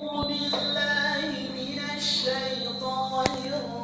بالله من الشيطان الرجيم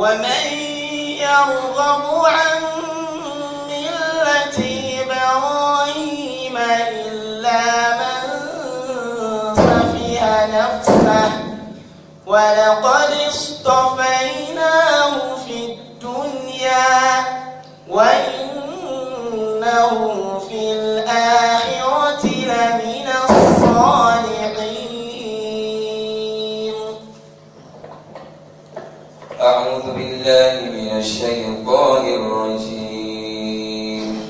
ومن يرغب عن ملة إبراهيم إلا من سفه نفسه ولقد اصطفيناه في الدنيا وإنه في الآخرة لمن الصالحين بالله من الشيطان الرجيم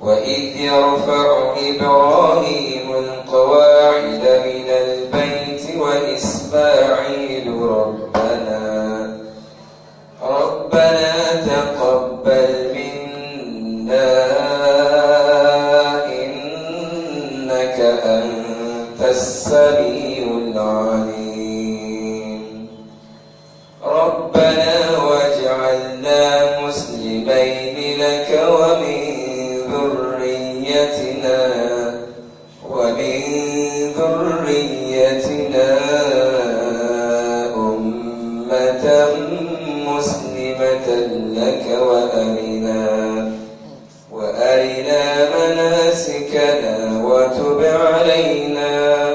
وإذ يرفع إبراهيم القواعد من البيت وإسماعيل ربنا ربنا تقبل منا إنك أنت السميع العليم وأمنا وأرنا مناسكنا وتب علينا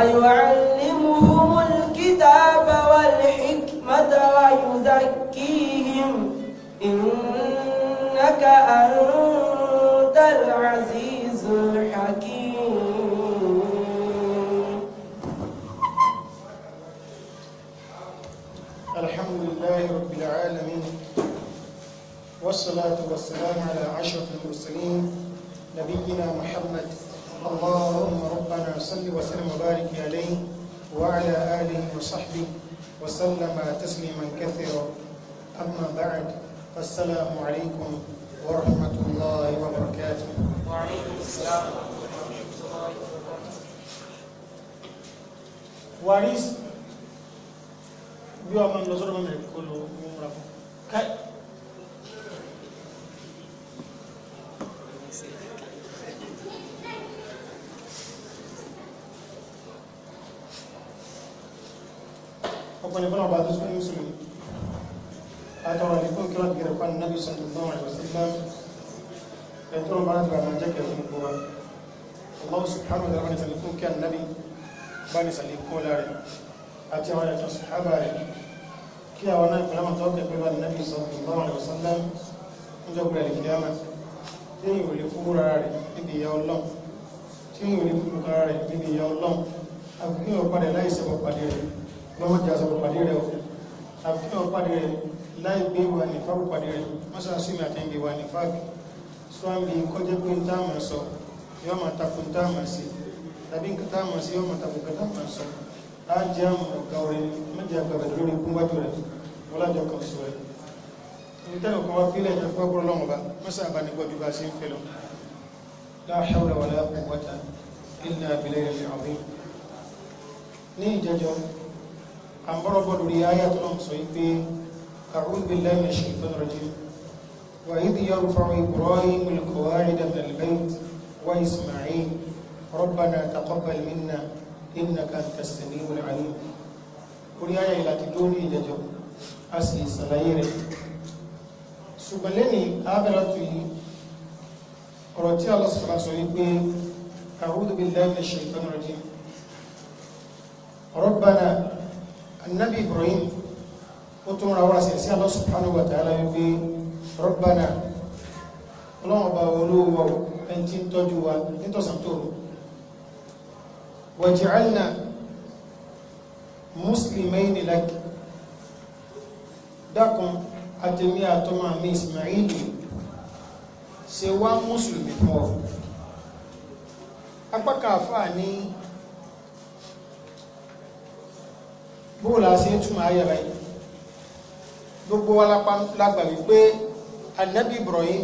ويعلمهم الكتاب والحكمة ويزكيهم إنك أنت العزيز الحكيم الحمد لله رب العالمين والصلاة والسلام على عشرة المرسلين نبينا محمد اللهم ربنا صل وسلم وبارك عليه وعلى آله وصحبه وسلم تسليما كثيرا أما بعد فالسلام عليكم ورحمة الله وبركاته وعليكم السلام ورحمة الله وبركاته واريس ọpẹ́ ní fún ọba tó súnmọ́ sí àtọrọ ìfún kí wọ́n gẹ̀rẹ̀ fún nàbí sallallahu alaihi wasallam ẹ̀tọ́ ọba láti bàbá jẹ́ kẹ̀ fún gbogbo Allah subhanahu wa ta'ala ní fún kí annabi bá ní sàlẹ̀ kó lára àti àwọn ẹ̀tọ́ sàhábà rẹ̀ kí àwọn náà fún ọmọ tó kẹ̀ pẹ̀lú annabi sallallahu alaihi wasallam ń jọ gbẹ̀rẹ̀ kìyàmà tí ń wòlé fún rárá rẹ̀ níbi ìyá ọlọ́run tí ń wòlé fún rárá rẹ̀ níbi ìyá ọlọ́run àbúkí ọ̀pá rẹ̀ láìsẹ̀ pàpàdé rẹ̀ lọ́wọ́ jà sọ̀rọ̀ pàdé rẹ̀ àfihàn pàdé rẹ̀ láì gbé wà ní fáwọn pàdé rẹ̀ mọ́sàásí mi àtẹ́gbé wà ní fáàkì sọ́ọ̀mì kọjẹ́ pé ń táàmà sọ yọ́ ma takùn táàmà sí tàbí ń kàtàmà sí yọ́ ma takùn kàtàmà sọ á jẹ́ àmà ọ̀gá orin mẹ́jẹ àgbàgbà lórí kúnwájú rẹ̀ wọ́lájọ kan sọ rẹ̀ ní tẹ́lẹ̀ kan wá fílẹ̀ yẹn fọ́ bọ́rọ̀ lọ́wọ́ bá mọ́sà bá sí ń ní ìjẹjọ́ à ń bọ́rọ̀ bọ́ lórí ayé tó náà sọ pé أعوذ بالله من الشيطان الرجيم وإذ يرفع إبراهيم القواعد من البيت وإسماعيل ربنا تقبل منا إنك أنت السميع العليم orí ayé ìlà ti dórí a sì ṣàlàyé rẹ̀ ṣùgbọ́n lẹ́ni abẹ́rẹ́ tó yìí ọ̀rọ̀ tí alọ́sọ̀rọ̀ sọ wípé a'udhu billahi minash shaitanir rajim rabbana annabi ibrahim ó tún ra wọ́n sí Allah subhanahu wa ta'ala wípé rabbana ọlọ́wọ́n bá olówó ẹni tí ń tọ́jú wa nítọ̀sán tó rò waj'alna muslimayni lak dákun àtẹ̀mí àtọ́mà mi ismaili ṣe wá mùsùlùmí fún ọ apákàáfà ní bóòlà ṣe túnmọ̀ ayẹ̀rẹ̀ yìí gbogbo wa lágbà wípé anabi Ibrahim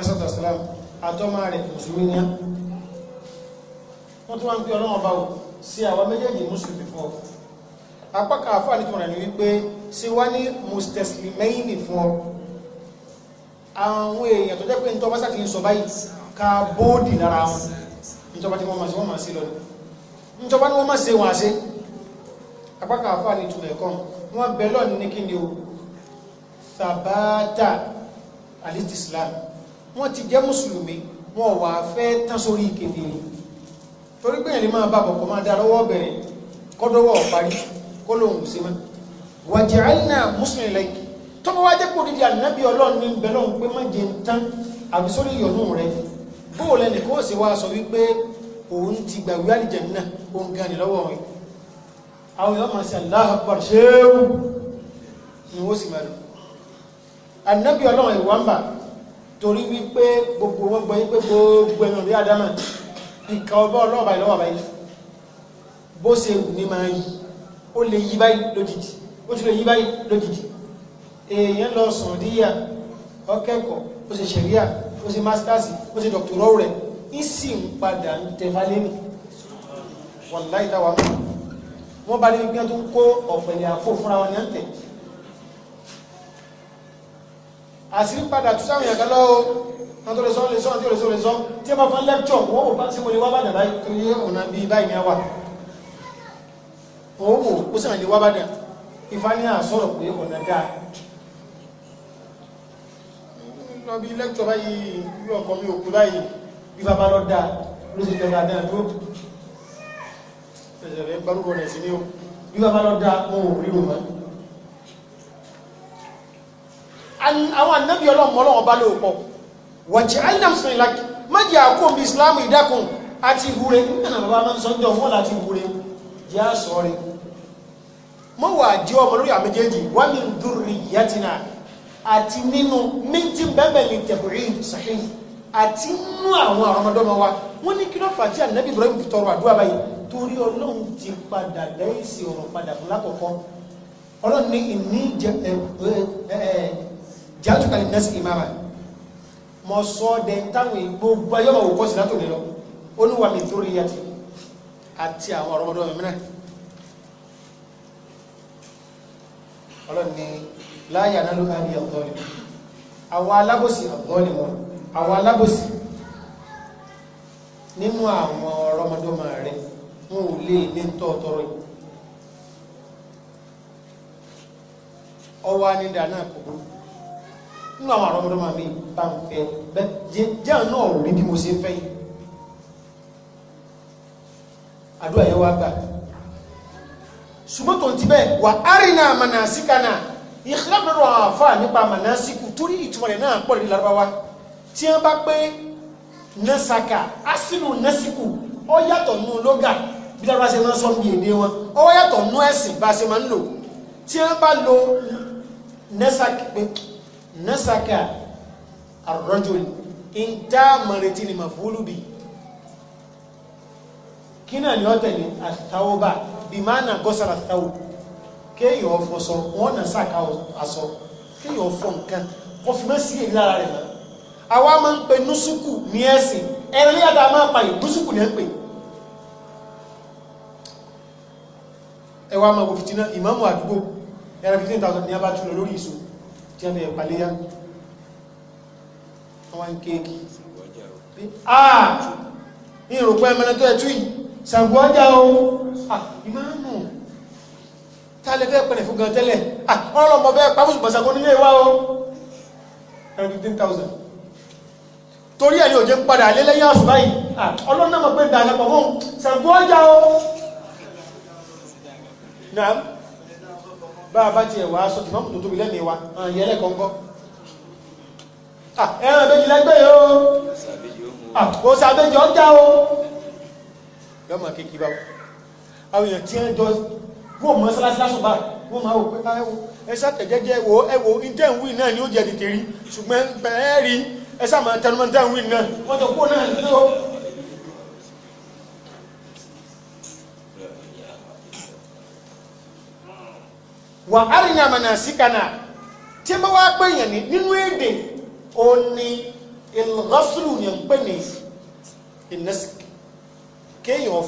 ẹsẹ̀tàsílám àtọ́mà rẹ̀ mùsùlùmí ní wọ́n tó wá ń pè ọlọ́wọ́ báwò sí àwọn méjèèjì mùsùlùmí fún ọ apákà àfáà ní tọ̀rọ̀ ní wípé sí wá ní mùsùlùmí fún ọ àwọn èèyàn tó jẹ́ pé nítorí bá ti ń sọ báyìí ká bóódì lára wọn nítorí bá ti wọ́n máa ṣe wọ́n máa ṣe lọ nítorí wọ́n máa ṣe wọ́n àṣe apákan àfáà ní ìtumọ̀ ẹ̀kan wọ́n bẹ lọ́nà ní kí ni o sabata alist islam wọ́n ti jẹ́ mùsùlùmí wọ́n wà fẹ́ tán sórí ìkéde torí pé ẹ̀lẹ́ máa bá bọ̀kọ̀ máa dá lọ́wọ́ bẹ̀rẹ̀ kọ́dọ́wọ́ parí kó lóhùn sí mọ́ wàjàánà mùsùlùmí lẹ́kì tó bá wá jẹ́ kó dídí ànábì ọlọ́run ní bẹ̀rẹ̀ òun pé má jẹ ń tán àbí sórí ìyọ̀nù rẹ̀ bóòlẹ́nì kó sì wá sọ wípé òun ti gbàgbé àlìjẹ̀ náà òun gan ni lọ́wọ́ rẹ̀ àwọn èèyàn máa ṣe Allahu Akbar ṣéwù ni wọ́n sì máa lò ànábì ọlọ́run ìwà ń bà torí wípé gbogbo wọn gbọ́ yín pé gbogbo ẹ̀yàn bí adama ìka ọba ọlọ́ọ̀bà ìlọ́wà báyìí bó ṣe wù ní máa yí ó lè yí báyìí lójijì ó tún lè yí báyìí lójijì èèyàn lọ sàn díyà ọkẹ́kọ̀ọ́ ó ṣe ṣẹ̀ríà ó ṣe másítàsì ó ṣe dọ̀tọ̀rọ̀ rẹ̀ ń sì ń padà ń tẹ̀fálẹ́nì wọ̀n láì táwa mọ́ wọ́n bá rí gbígbẹ́ tó ń kó ọ̀pẹ̀lẹ̀ àfò fúnra wọn yẹn tẹ̀ àṣírí padà tó sáwọn ìyàgá lọ́wọ́ wọn tó lè sọ lè sọ tí ó lè sọ lè sọ tí ó bá fún lẹ́kṣọ̀ wọ́n ò bá sí mo lè wá bàdà báyìí tó yé ọ̀nà bíi báyìí wà òun wò ó sì lè wá bàdà ìfá ní àsọ̀rọ̀ pé ọ̀nà dáa lọ bí lẹ́kṣọ̀ báyìí bí mi ò báyìí bí bàbá lọ dáa ló sì jọba dáa ẹsẹ̀ rẹ̀ gbárùkọ rẹ̀ sí ní o bí bàbá lọ dá wọn ò rí òun àwọn ànábì ọlọ́mọ ọlọ́wọ́ bá lóò pọ̀ wàjí alinamsin ìlàkì méjì àkóòmì islamu ìdákùn àti ìhúre nínú bàbá máa ń sọ jọ wọ́n láti ìhúre jẹ́ àṣọ rẹ̀ mọ́ wà jẹ́ ọmọ lórí àmẹ́jẹ́jì wà ní dúró yàtìnà àti nínú méjì bẹ́ẹ̀bẹ̀ ní tẹ̀bùrí àti nú àwọn àrọmọdọ́mọ wa wọ́n ní kí ló fà tí ànábì Ibrahim fi tọrọ àdúrà báyìí torí ọlọ́run ti padà lẹ́yìn sí ọ̀rọ̀ padà fún lákọ̀ọ́kọ́ ọlọ́run ní ìní jàdùkàlẹ̀ nẹ́sì ìmáàmà mọ sọ ọ́ dẹ táwọn gbogbo ayọ́mọ̀ òkú ọ̀sìn látòlè lọ ó ní wàmí torí yàtì àti àwọn àrọmọdọ́mọ mìíràn ọlọ́run ní láyà náà ló ká ní ọ̀dọ́ ni àwọn alábòsí ọ̀dọ́ ni wọn àwọn alábòsí nínú àwọn ọ̀rọ̀mọdọ́mọ rẹ̀ wọn ò lè ní tọ́ọ̀tọ́rọ̀ yìí ọwọ́ anídà náà kò burú nínú àwọn àrọ́mọdọ́mọ mi bá ń fẹ́ bẹ́ẹ̀ jẹ́ àná ọ̀rọ̀ rí bí mo ṣe ń fẹ́ yìí àdúrà yẹn wá gbà ṣùgbọ́n tó ń ti bẹ́ẹ̀ wà árìnà mànàsíkà náà ìṣẹ́lẹ̀ lọ́dọ̀ àwọn àfáà nípa mànàsíkù torí ìtumọ̀ rẹ̀ náà pọ̀ lórí Lárúbáwá tí wọ́n bá pé nasaka asilu nasiku ó yàtọ̀ nù lóga bí dára ṣe máa ń sọ bí èdè wọn ó yàtọ̀ nù ẹ̀sìn bá ṣe máa ń lò tí wọ́n bá lo nasaka pé nasaka arrajul ni mafulu bi kí náà ni ó tẹ̀lé àtàwọ́bà bí máa nà gọ́sára àtàwọ́ kéèyàn ọ̀fọ̀ sọ wọ́n nà sáka àsọ kéèyàn ọ̀fọ̀ nǹkan ọ̀fọ̀ mẹ́sí èyí lára rẹ̀ náà àwa máa ń pe nusuku ní ẹ̀sìn ẹran ní yàtọ̀ a máa pa yìí nusuku ní ẹ̀ ń pè ẹ wá máa wo fìtínà ìmáàmù àdúgbò ẹran fifteen thousand ní abá túnlọ lórí ìṣó tí a ní ẹ̀ paléyà wọn kéèkì ah ní ìròpọ̀ ẹ̀mẹ́rin tó ẹ̀ tú yìí Ṣàngó o ah ìmáàmù tálẹ̀ fẹ́ pẹ̀lẹ̀ fún gan tẹ́lẹ̀ ah ọlọ́mọ fẹ́ nílé wa o ẹran fifteen thousand torí ẹ̀yìn òjé padà lélẹ́yìn àṣùbá yìí ọlọ́run náà mọ̀ pé dàgbà pọ̀ fún ṣàgbọ́ ọjà o náà bá a bá tiẹ̀ wá sọ tìmọ́ kò tó tóbi lẹ́mìí wa àyẹ̀ lẹ́kọ̀ọ́kọ́ ẹran ìbejì lẹ́gbẹ́ yìí o òṣàbejì ọjà o yọmọ kékeré báwo àwọn èèyàn tí wọ́n jọ wọ́n mọ sálásí lásùbà wọ́n máa wò pé ah, ẹ ṣàtẹ̀jẹ́jẹ́ wo ẹ wo ní tẹ̀ ń wí náà ni ó jẹ́ tètè rí ṣùgbọ́n bẹ́ẹ̀ rí ẹ sá máa tẹnumọ́ ní táwọn wíìnì náà wọ́n tó kó náà ní o. wà á rìn àmàna síkànnà tí ẹ bá wá pé yẹn ní nínú èdè òní ìlọ́sùlù yẹn ń pè ní ìnẹ́sìkì kéèyàn wa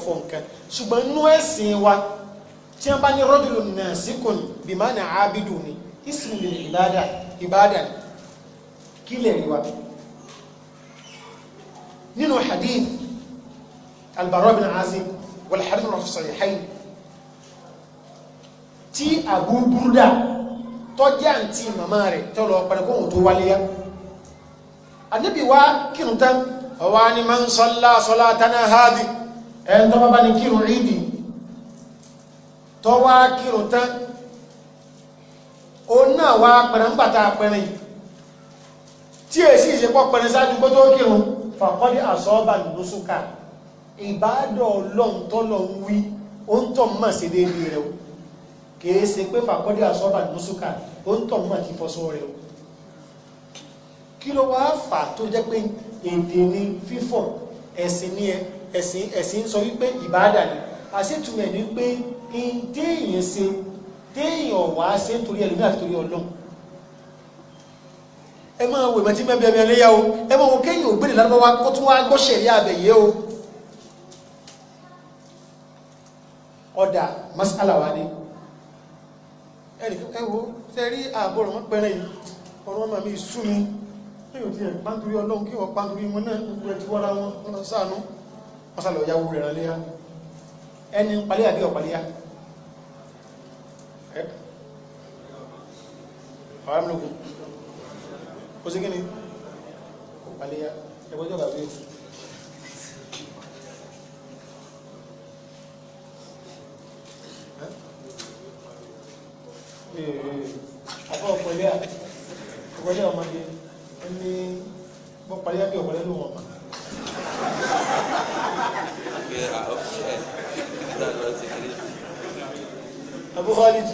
tí wọ́n bá ní rọ́dùlù náà síkùn bí máa ní ni ismu lè ìbádà ìbádà kí lè rí wa nínú hadith albaro bin azim wal hadith rọ̀ sahihayn tí Abu Burda tọ́jẹ́ àǹtí màmá rẹ̀ tọ́lọ pẹ̀lẹ̀kùn tó wálé yá ànábì wá kírun tán ọwá ni man salla salatana hadi ẹn tọ́ bá ní kírun ìdí tọ́wá kírun tán o náà wá pẹ̀rẹ̀ ń bàtà pẹ̀rẹ̀ tí èsì ìṣẹ́pọ̀ pẹ̀rẹ̀ sáájú kó kírun fàkọ́dí àsọ́ọ́bà lóṣùkà ìbádọ̀ ọlọ́ntọ́lọ̀ ń wí ó ń tọ́ mọ̀ sí déédéé rẹ̀ o kìí ṣe pé fàkọ́dí àsọ́ọ́bà lóṣùkà ó ń tọ́ mọ̀ ti fọ́sọ́ rẹ̀ o kí ló wá fà tó jẹ́ pé èdè ni fífọ̀ ẹ̀sìn ni ẹ̀sìn ẹ̀sìn sọ wípé ìbádà ni àṣètùmẹ̀ ni pé téèyàn ṣe téèyàn wàá ṣe nítorí ẹlòmíràn torí ọlọ́run ẹ máa wò ìmọ̀ tí bẹ́ẹ̀ bẹ́ẹ̀ léyà o ẹ máa wò kéyìn ògbéni lárúbáwá kó tún wá gbọ́sẹ̀ ní àbẹ̀yẹ o. ọ̀dà masala wa ni ẹnì ẹ wo ṣe rí ààbò ọ̀rọ̀ wọn pẹ̀rẹ̀ yìí ọ̀rọ̀ ọmọ mi sú mi lẹ́yìn òtí ẹ̀ pàǹtúrí ọlọ́run kí wọ́n pàǹtúrí wọn náà gbogbo ẹ̀ ti wọ́n láwọn wọn sànú wọn sàlọ̀ ìyàwó rẹ̀ rán léyà ẹni palẹ́ àbí ọ̀palẹ́yà ọ̀rẹ́ mi lókun kò sí kíni kò paléyà ẹgbẹ́jọ́ bàbá yìí àbọ̀ ọ̀pọ̀lẹ́yà ọ̀pọ̀lẹ́yà ọmọdé ẹni bọ́ paléyà bí ọ̀pọ̀lẹ́ ló wọ̀n mà. Abu Khalid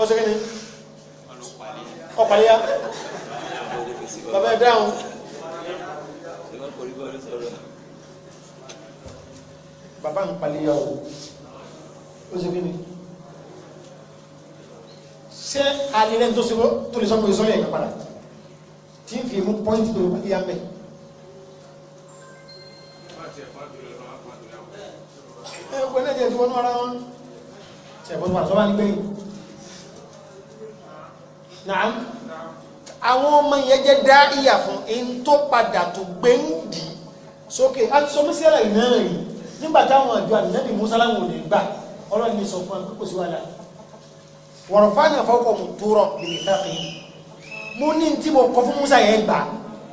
ọ̀sẹ̀ kíni ọ̀pàlẹ́yà bàbá ẹ̀ dáhùn. bàbá ń palẹ́yà o ó ṣe kíni ṣé alẹ́ tó ṣe tó lè sọ́mọ ìsọ́lẹ̀ ẹ̀ka padà tí ń fi mú pọ́ìntì tó palẹ́yà mẹ́. ẹ ẹ gbẹ́lẹ́jẹ̀ tí wọ́n náà ra wọn ṣẹ̀bọ́n tó wà sọ́wọ́n nígbẹ̀yìn naam àwọn ọmọ yẹn jẹ́ dá ìyà fún in tó padà tó gbéǹdì sókè a ti sọ mí sílẹ̀ náà rí nígbà táwọn àjọ ànínábì musa láwọn ò lè gbà ọlọ́run ní sọ fún ẹ kókò sí wàhálà wọ̀rọ̀ fáwọn àfọwọ́kọ̀ mú tó rọ̀ lè fẹ́ kí mo ní tí mo kọ fún musa yẹn gbà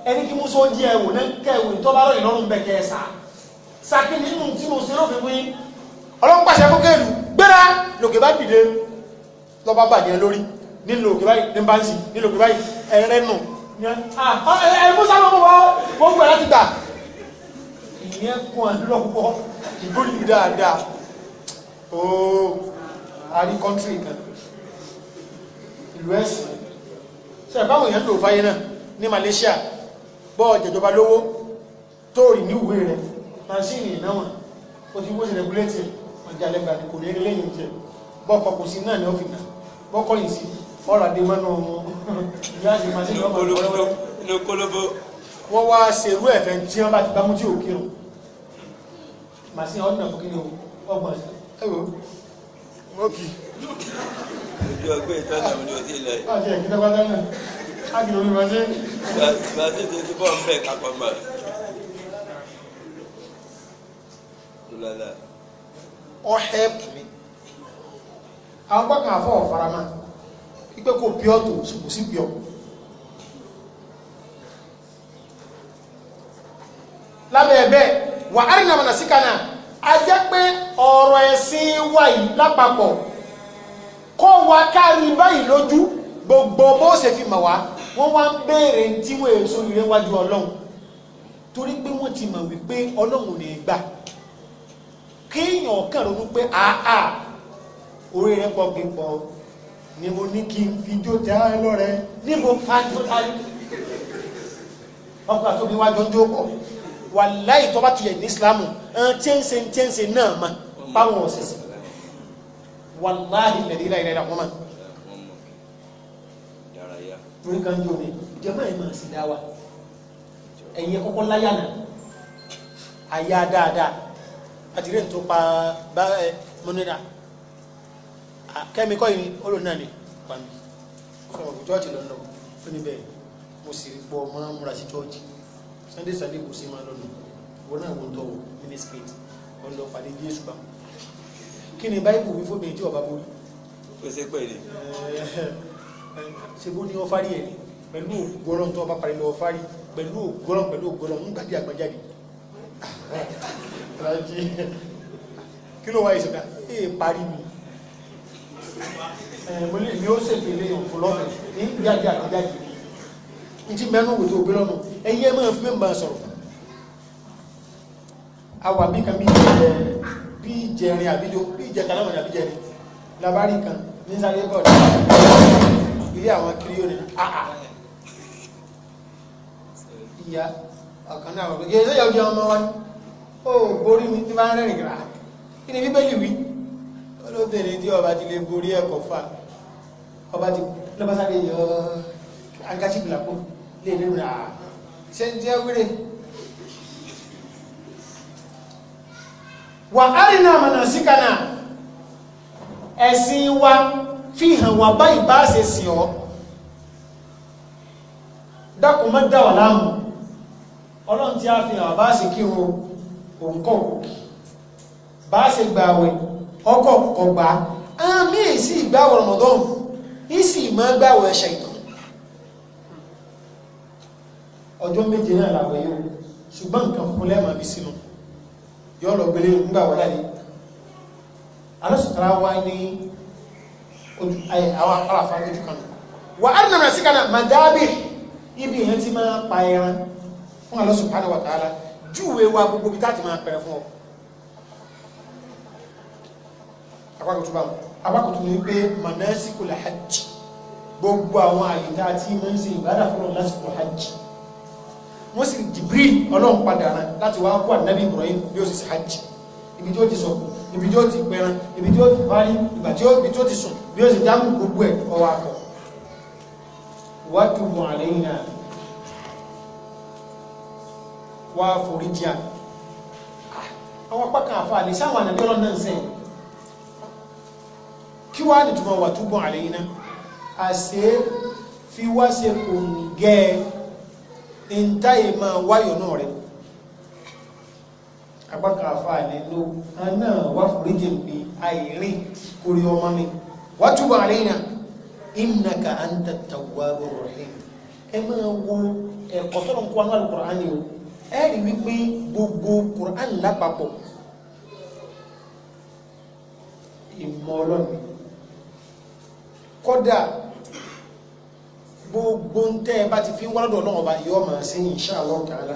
ẹni kí musa ó di ẹwò náà kẹwò ìtọ́bárò ìlọrun bẹ̀ kẹsà sàkí nínú tí mo ṣe lófin wí ọlọ́run pàṣẹ fún kéèlú gbéra lòkè bá dìde lọ́ba bàjẹ́ lórí nílò òkè báyìí ní báńsì nílò òkè báyìí ẹ̀rẹ́ nù ẹ̀mọ́sá lọ́wọ́ wá wọ́n gbẹ̀rẹ́ ti gbà ìyẹn kún àdúrọ̀pọ̀ ìbólú dáadáa ooo àrí kọ́ntírì kan ìlú ẹ̀sìn ṣe báwọn èèyàn lò fáyé náà ní Malaysia bọ́ọ̀ jẹjọba lówó tó rí ní ìwé rẹ̀ mansini náwọn ó ti wó sí ọjà lẹ́gbàá kò lè rí lẹ́yìn jẹ bọ́ọ̀kọ̀ kò sí náà ní ọ́fìnà bọ́ọ̀kọ̀ yìí sí ọ̀rọ̀ àdìmọ́nù gáàsì machine ọmọ ìpolówó wọ́n wá ṣerú ẹ̀fẹ́ tí wọ́n bá ti bá mú tí ò kírun machine ọdún ẹ̀fọ́ kírun ọgbọ̀n ẹ̀wọ̀ mọ́kì ojú ọgbẹ́ ìtọ́nà òní òsì ilẹ̀ ọjọ́ ìkíni ipé kò bí ọ̀tọ̀ ṣùgbọ́n sí bí ọ̀ lábẹ́ ẹ̀bẹ́ wà á rìnà mọ̀nà síkànnà a jẹ́ pé ọ̀rọ̀ ẹ̀sìn wa yìí lápapọ̀ kọ́ wa kárí báyìí lójú gbogbo bó ṣe fi mọ̀ wá wọ́n wá ń béèrè tí wọ́n èso ìrẹ́ wájú ọlọ́run torí pé wọ́n ti mọ̀ wípé ọlọ́run lè gbà kéèyàn kàn ronú pé àá orí rẹ̀ pọ̀ gbé pọ̀ ni mo ní kí n fi jó tẹ́ ẹ lọ́rẹ́ ní mo pa jó táyé ọkọ̀ àti obìnrin wájọ ń jó pọ̀ wà láì tó bá tilẹ̀ ní ìsìlámù ẹn tíẹ́nse tíẹ́nse náà ma páwọn ọ̀sẹ̀sẹ̀ wà láì lẹ̀dí láì láì láwọn ma. torí kan jó mi jẹ́mọ́ ẹ̀ máa sì dá wa ẹ̀yin kọ́kọ́ láyà náà àyà dáadáa àtìrẹ́ ní tó pa bá ẹ mọ́nira kẹ́míkọ́ yìí olóòrùn náà ni pàmì ọmọ òkú chọ́ọ̀chì lọ́nà ó ní bẹ́ẹ̀ mo sì rí pọ̀ mọ́ múra sí chọ́ọ̀chì sunday sunday kò sí máa lọ́nà wọn náà wọ́n tọ́wọ́ mini skate wọ́n lọ pàdé jésù bá kí ni báyìí wí fóbi tí ọba borí. ó ṣe pẹ́ ni. ṣe bó ní ọfárí ẹ̀ ni pẹ̀lú ògbọ́rọ̀ tó ọba parí lọ ọfárí pẹ̀lú ògbọ́rọ̀ pẹ̀lú ògbọ́rọ̀ ń gbàdí àgbàjáde kí ló wáyé sọ́dá ee parí mi mo lè mi ó ṣètò ilé yàn fún lọ́fẹ̀ẹ́ ní jáde àtẹ̀jáde ntí mẹ́nu wòtí òbí lọ́nu ẹ̀yí ẹ̀ máa fi mẹ́mbà sọ̀rọ̀ awà bí kan bí jẹ bí jẹrin àbíjọ bí jẹ kanáwọ̀n àbíjẹrin labari kan ní sáré bọ̀dọ̀ ilé àwọn kiri ní àà ah, ah. ìyá ọ̀kan náà wọ̀ pé kí ẹ sẹ́yà ọjọ́ ọmọ wa ó borí mi ti máa ń rẹ́rìn ah, kí ni bíbélì wí olóbìnrin tí ọba ti lè borí ẹ̀kọ́ fà ọba ti lọ́básáré yọ angashi blapo lè rí rà ṣe ń jẹ́ wíre wà árìnà àmànà síkànà ẹ̀sìn wa fi hàn wà báyìí bá ṣe sí ọ dákùn mọ́ dáwà láàmù ọlọ́run tí a fi hàn bá ṣe kírun òǹkọ̀ bá ṣe gbàwẹ̀ ọkọ̀ kọ̀kọ̀ gbà á mí sí ìgbàwọ̀ Ramadan ìsì máa gbàwọ̀ ẹ̀ṣẹ̀ ìtàn ọjọ́ méje náà làwẹ̀ yóò ṣùgbọ́n nǹkan fún lẹ́màá bí sínú yọ́ lọ gbélé ńgbà wọ́n láyé alásùtara wá ní àwọn àràfà lójú kan wà á nàmà sí kanáà màdábì ibi ìyẹn ti máa pa ẹran fún Allah subhanahu wa ta'ala júwe wa gbogbo bí táàtì máa pẹ̀rẹ̀ fún ọ àpákòtò báwọn àpákòtò ní pé manasikul hajj gbogbo àwọn àyíká tí mọ́ ń ṣe fún ọ̀nà lásìkò hajj wọ́n sì Jibril ọlọ́run padà rán láti wá kó ànábì Ibrahim bí ó sì hajj ibi tí ó ti sọ ibi tí ó ti pẹran ibi tí ó ti parí ìgbà tí ó ibi tí ó ti sùn bí ó sì dámù gbogbo ẹ̀ ọwọ́ akọ wájú mọ̀ àlẹ́yìn náà wá foríjì ah, àwọn apá kan àfa àlè sáwọn ànàbí ọlọ́run náà ń sẹ́yìn kí wá ní túnmọ̀ wà túbọ̀ àlẹ́ iná àṣẹ fi wá ṣe kò ń gẹ́ ìntáyè máa wáyọ̀ náà rẹ̀ agbákàáfà nínú aná wà foríjì ń bi àìrìn kórí ọmọ mi wà túbọ̀ àlẹ́ iná innaka anta tawwabur rahim ẹ máa wo ẹ̀kọ́ tọ́lọ̀ ń kó anú àlùkùránì o ẹ rí wípé gbogbo kùránì lápapọ̀ ìmọ̀ ọlọ́run kódà gbogbo ń tẹ́ ẹ bá ti fi ń wọ́lọ́dọ̀ náà ọba yọ ọmọ sí insha Allah ta'ala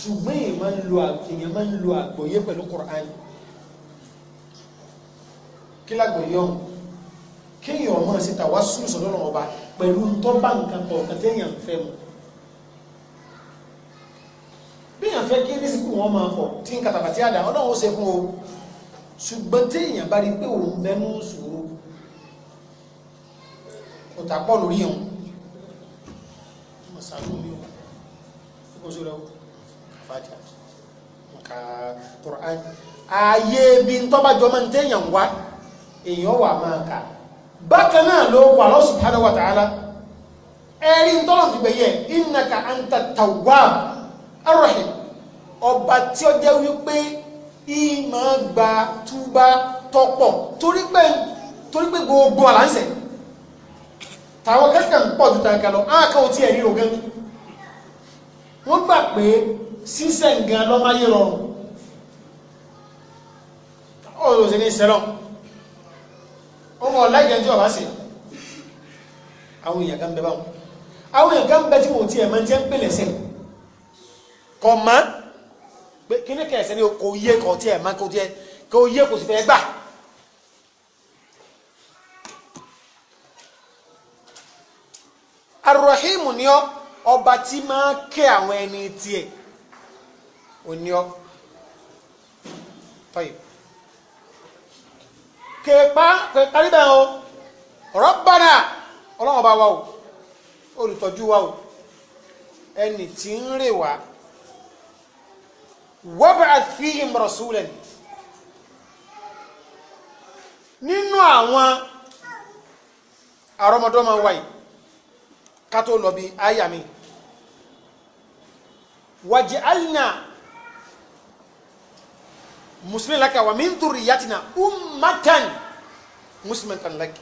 ṣùgbọ́n èèyàn máa ń lo èèyàn máa ń lo àgbọ̀yé pẹ̀lú Qur'an kí lágbọ̀yé ọ̀hún kéèyàn ọmọ sí tàwa sùn sọ́dọ̀ náà ọba pẹ̀lú ń tọ́ bá nǹkan pọ̀ nǹkan téèyàn ń fẹ́ mu bí èèyàn fẹ́ kí rísíkù wọn máa pọ̀ tí ń kàtàkàtì àdá ọlọ́run ó ṣe fún o ṣùgbọ́n téèyàn bá rí pé òun mẹ́nu sùúrù òtà pọ̀ lórí ẹ̀hún ọ̀sánú mi ó ṣọ́rọ̀ fàájá nǹka Qur'an ààyè bí n tọ́bá jọmọ́ ní tẹ́yàn wá èèyàn wà máa kà bákan náà ló wà Allah subhanahu wa ta'ala ẹ̀rí tọ́lọ̀ ti gbẹ̀yẹ innaka anta tawwab arrahim ọba tí ó jẹ́ wípé ìmọ̀ gba túbá tọ́pọ̀ torí pé gbogbo àlànsẹ̀ tàwọn kẹ́kẹ́ ń pọ̀ ju tàǹkà lọ áàkà ò tí ẹ̀rí ògán wọ́n gbà pé sísẹ̀ nǹkan lọ́máyé rọrùn ọ̀rọ̀ sí ní sẹ́lọ̀ ọmọ ọ̀láìjẹ́ tí ọ̀bá sí àwọn èèyàn kan bẹ báwọn àwọn èèyàn kan bẹ tí wọ́n ti ẹ̀mọ́ jẹ́ ń pèlẹ̀ sẹ́ kọ mọ́ pé kí ní kẹ̀ẹ̀sẹ̀ ní kò yé kọ̀ tí ẹ̀mọ́ kò yé kò sì fẹ́ gbà arrahimu ni ọ ọba tí máa kẹ́ àwọn ẹni tiẹ̀ ò ní ọ tọyì kèèpá kèèpá níbẹ̀ o rọ́bànà ọlọ́run bá wa o olùtọ́jú wa o ẹni tí ń rè wá wab'ath fihim rasulan nínú àwọn àrọ́mọdọ́mọ wáyìí kátó lọ bí àyà mi waj'alna muslimin laka wa min dhurriyyatina ummatan muslimatan lak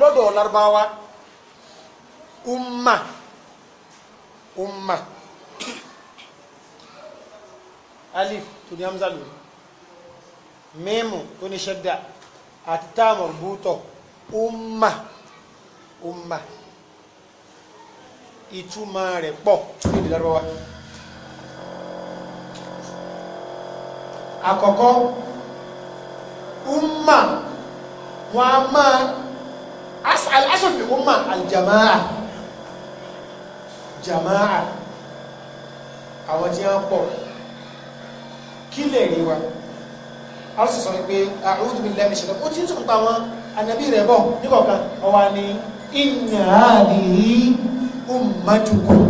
lọ́dọ̀ Lárúbáwá umma umma alif tó ní hamza lórí mímu tó ní shadda àti táàmù rúbútọ̀ umma umma ìtumọ̀ rẹ̀ pọ̀ níbi lọ́rọ̀ wa àkọ́kọ́ umma wọn a máa asòfin umma aljamaa jamaa àwọn tí wọ́n pọ̀ kí lè rí wa a sì sọ pé a'udhu billahi minash shaitan ó ti ń sọ̀tọ̀ àwọn ànábì rẹ̀ bọ̀ nígbọ̀kan ọwọ́ ni inna hadhihi ummatukum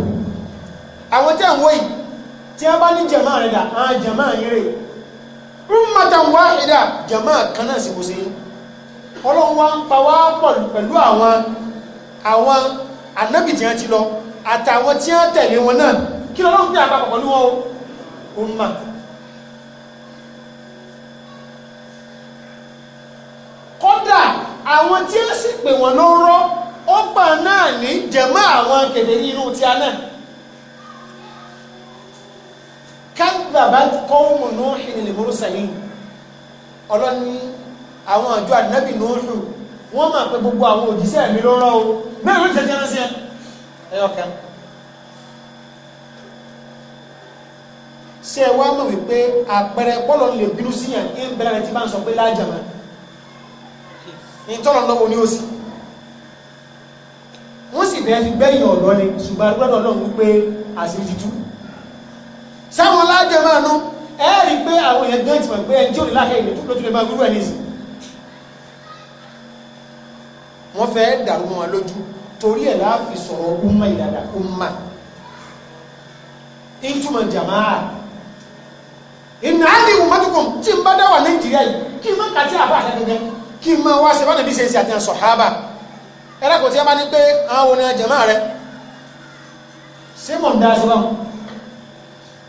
àwọn tí àwọn yìí tí a bá ní jama rẹ̀ dà á jama yìí ummatan wahida jama kan náà sì kò wa ń pa wá pọ̀ pẹ̀lú àwọn àwọn anábì tí wọ́n ti lọ àtàwọn tí wọ́n tẹ̀lé wọn náà kí lọ́lọ́run bí àpapọ̀ pẹ̀lú wọn o umma kódà àwọn tí wọ́n sì pè wọ́n lọ́rọ́ ó gbà náà ní jẹ̀mọ́ àwọn kèdèrí inú tí a náà kágbàbá kọ́ọ̀mù nóòhì nílẹ̀ mọ́rúsàlín ọlọ́ni àwọn àjọ ànábì nóòhù wọ́n máa pẹ gbogbo àwọn òjíṣẹ́ mi lọ́rọ́ o mẹ́rin ló jẹjẹrẹ sí ẹ ẹyọkan ṣe wá mọ̀ wípé àpẹẹrẹ bọ́ọ̀lù lè bínú síyàn ń bẹ̀rẹ̀ tí bá ń sọ pé lájàmá ìtọ́lọ̀ lọ́wọ́ ni ó wọ́n sì bẹ́ẹ̀ fi gbẹ́yìn ọ̀rọ̀ ni ṣùgbọ́n agbọ́dọ̀ náà wípé àṣírí ti tú sáwọn lájẹ máa nú ẹ rí pé àwọn èèyàn gan ti mọ̀ pé ẹni tí ò ní láàkẹ́ ìlú ló tún lè máa gbúrú ẹ̀ nísìn wọ́n fẹ́ dàrú wọn lójú torí ẹ̀ láàfi sọ̀rọ̀ umma ìdàdà umma ìtumọ̀ jamaa ìnà àdì ummatukum tí n bá dá wà nàìjíríà yìí kí n má kàtí àbá àtàgẹ́gẹ́ kí n má wá ṣe bá ẹ̀rẹ́ kò tí a bá ní pé àwọn wo ni ẹjẹ̀mọ́ rẹ ṣé mò ń dá sí báwọn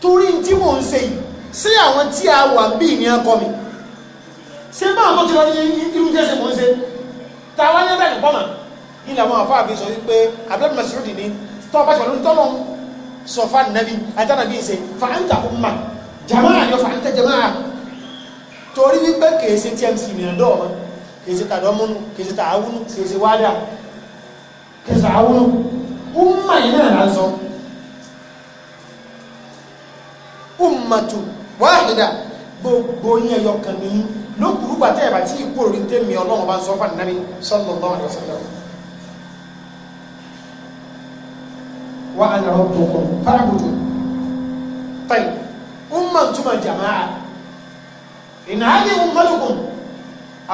torí tí mò ń ṣe yìí ṣé àwọn tí a wà bí ní ọkọ mi ṣé báwọn tó ti lọ ní irú tí ẹsẹ̀ mò ń ṣe ta wá ní ẹgbẹ́ nìkan mà ní làwọn àfáà fi sọ wípé abdul masudi ni tọ́ ọba ṣọlọ́ tọ́ lọ sọ fa nàbí àtànàbí ṣe fa ń ta ọmọ jamaa yọ fa ń tẹ jamaa torí wípé kèé ṣe tmc nìyàndọ́ ọmọ kèé ṣe tàdọ́múnú kèé ṣe tàáwúnú kèé ṣe wálé kẹsà àwọn umma yìí náà lásán ummatu wahida gbogbo yín ẹyọ kan nìyí lókùrú gbàtẹ́ ẹ̀bà tí ìkú orí tèmi ọlọ́run bá ń sọ fún ànábì sallallahu alaihi wasallam wa ana rabbukum fa'budu tayi ummatu ma jama'a in hadi ummatukum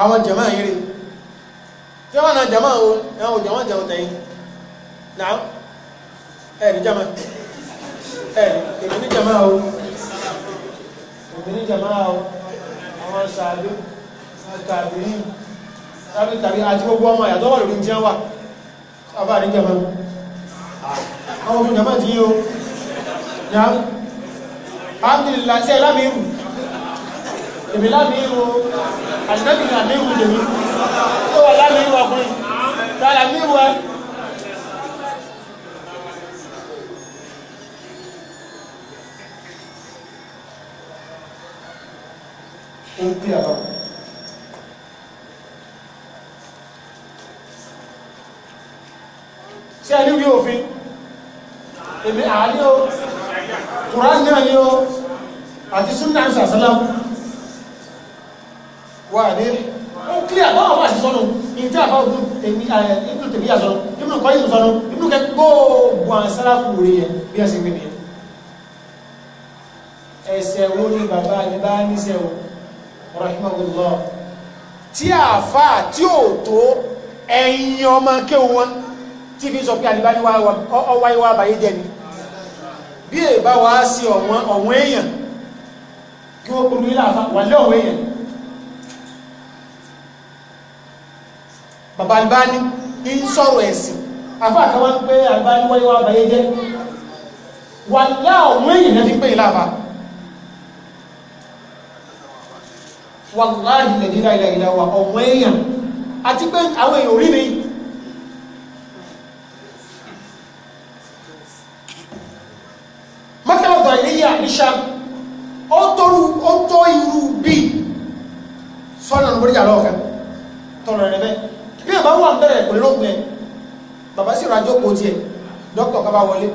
àwọn jama'a yìí jama na jama o ẹ̀wọ̀n jama jama tẹ̀yìn náà ẹ̀rì jama ẹ̀rì èmi ní jama o èmi ní jama o àwọn sàbí àtàbí tàbí tàbí àti gbogbo ọmọ àyàtọ̀ wà lórí jẹ́ wà àbá ní jama àwọn ọmọ jama ti yí o náà alhamdulillah sí ẹ̀lámi rù èmi láàmì ìrò àṣìlẹ́bì ní àmì ìrù lèmi tó wà láàmì ìrù ọkùnrin tààlà mí ìrù ẹ ó ń bí àbá ṣé ẹni wí òfin èmi àárí o kùrán náà ni o àti súnmọ́ àṣà sálámù wà ní ń clear báwọn wà sí sọ́nù ìdí àbá ogun ibùdó tèmi yà sọ́nù ibùdó kọ́ yìí sọ́nù ibùdó kẹ́ gbóògùn àṣálà fún orí yẹn bí a wí nìyẹn ẹsẹ̀ wo ni bàbá ní níṣẹ́ o rahimahullah tí àfà tí ò tó ẹ̀yìn ọmọ kéwù wọn tí fi sọ pé àdìbá ní ọwá ìwà àbáyé jẹ ni bí èbá wá sí ọ̀wọ́n èèyàn kí wọ́n kúrú ilé àfà wà lé ọ̀wọ́ èèyàn bàbá Albani ń sọ̀rọ̀ ẹ̀sìn afá kan wọ́n pé Albani wáyé wá bàyé jẹ́ wà láàwọn èèyàn náà fi pé ìlàfà wàláhì nàìjíríà ilẹ̀ ìlà wà ọ̀wọ̀n èèyàn àti pé àwọn èèyàn orí mi mọ́kànlá ìléyà níṣà ó tó irú bí sọ́nà lórí àlọ́ ọ̀kan tọ̀rọ̀ rẹ̀ bí àbá wà ń bẹ̀rẹ̀ kò lè rògùn ẹ̀ bàbá sì rajó kò tiẹ̀ dókítà ká bá wọlé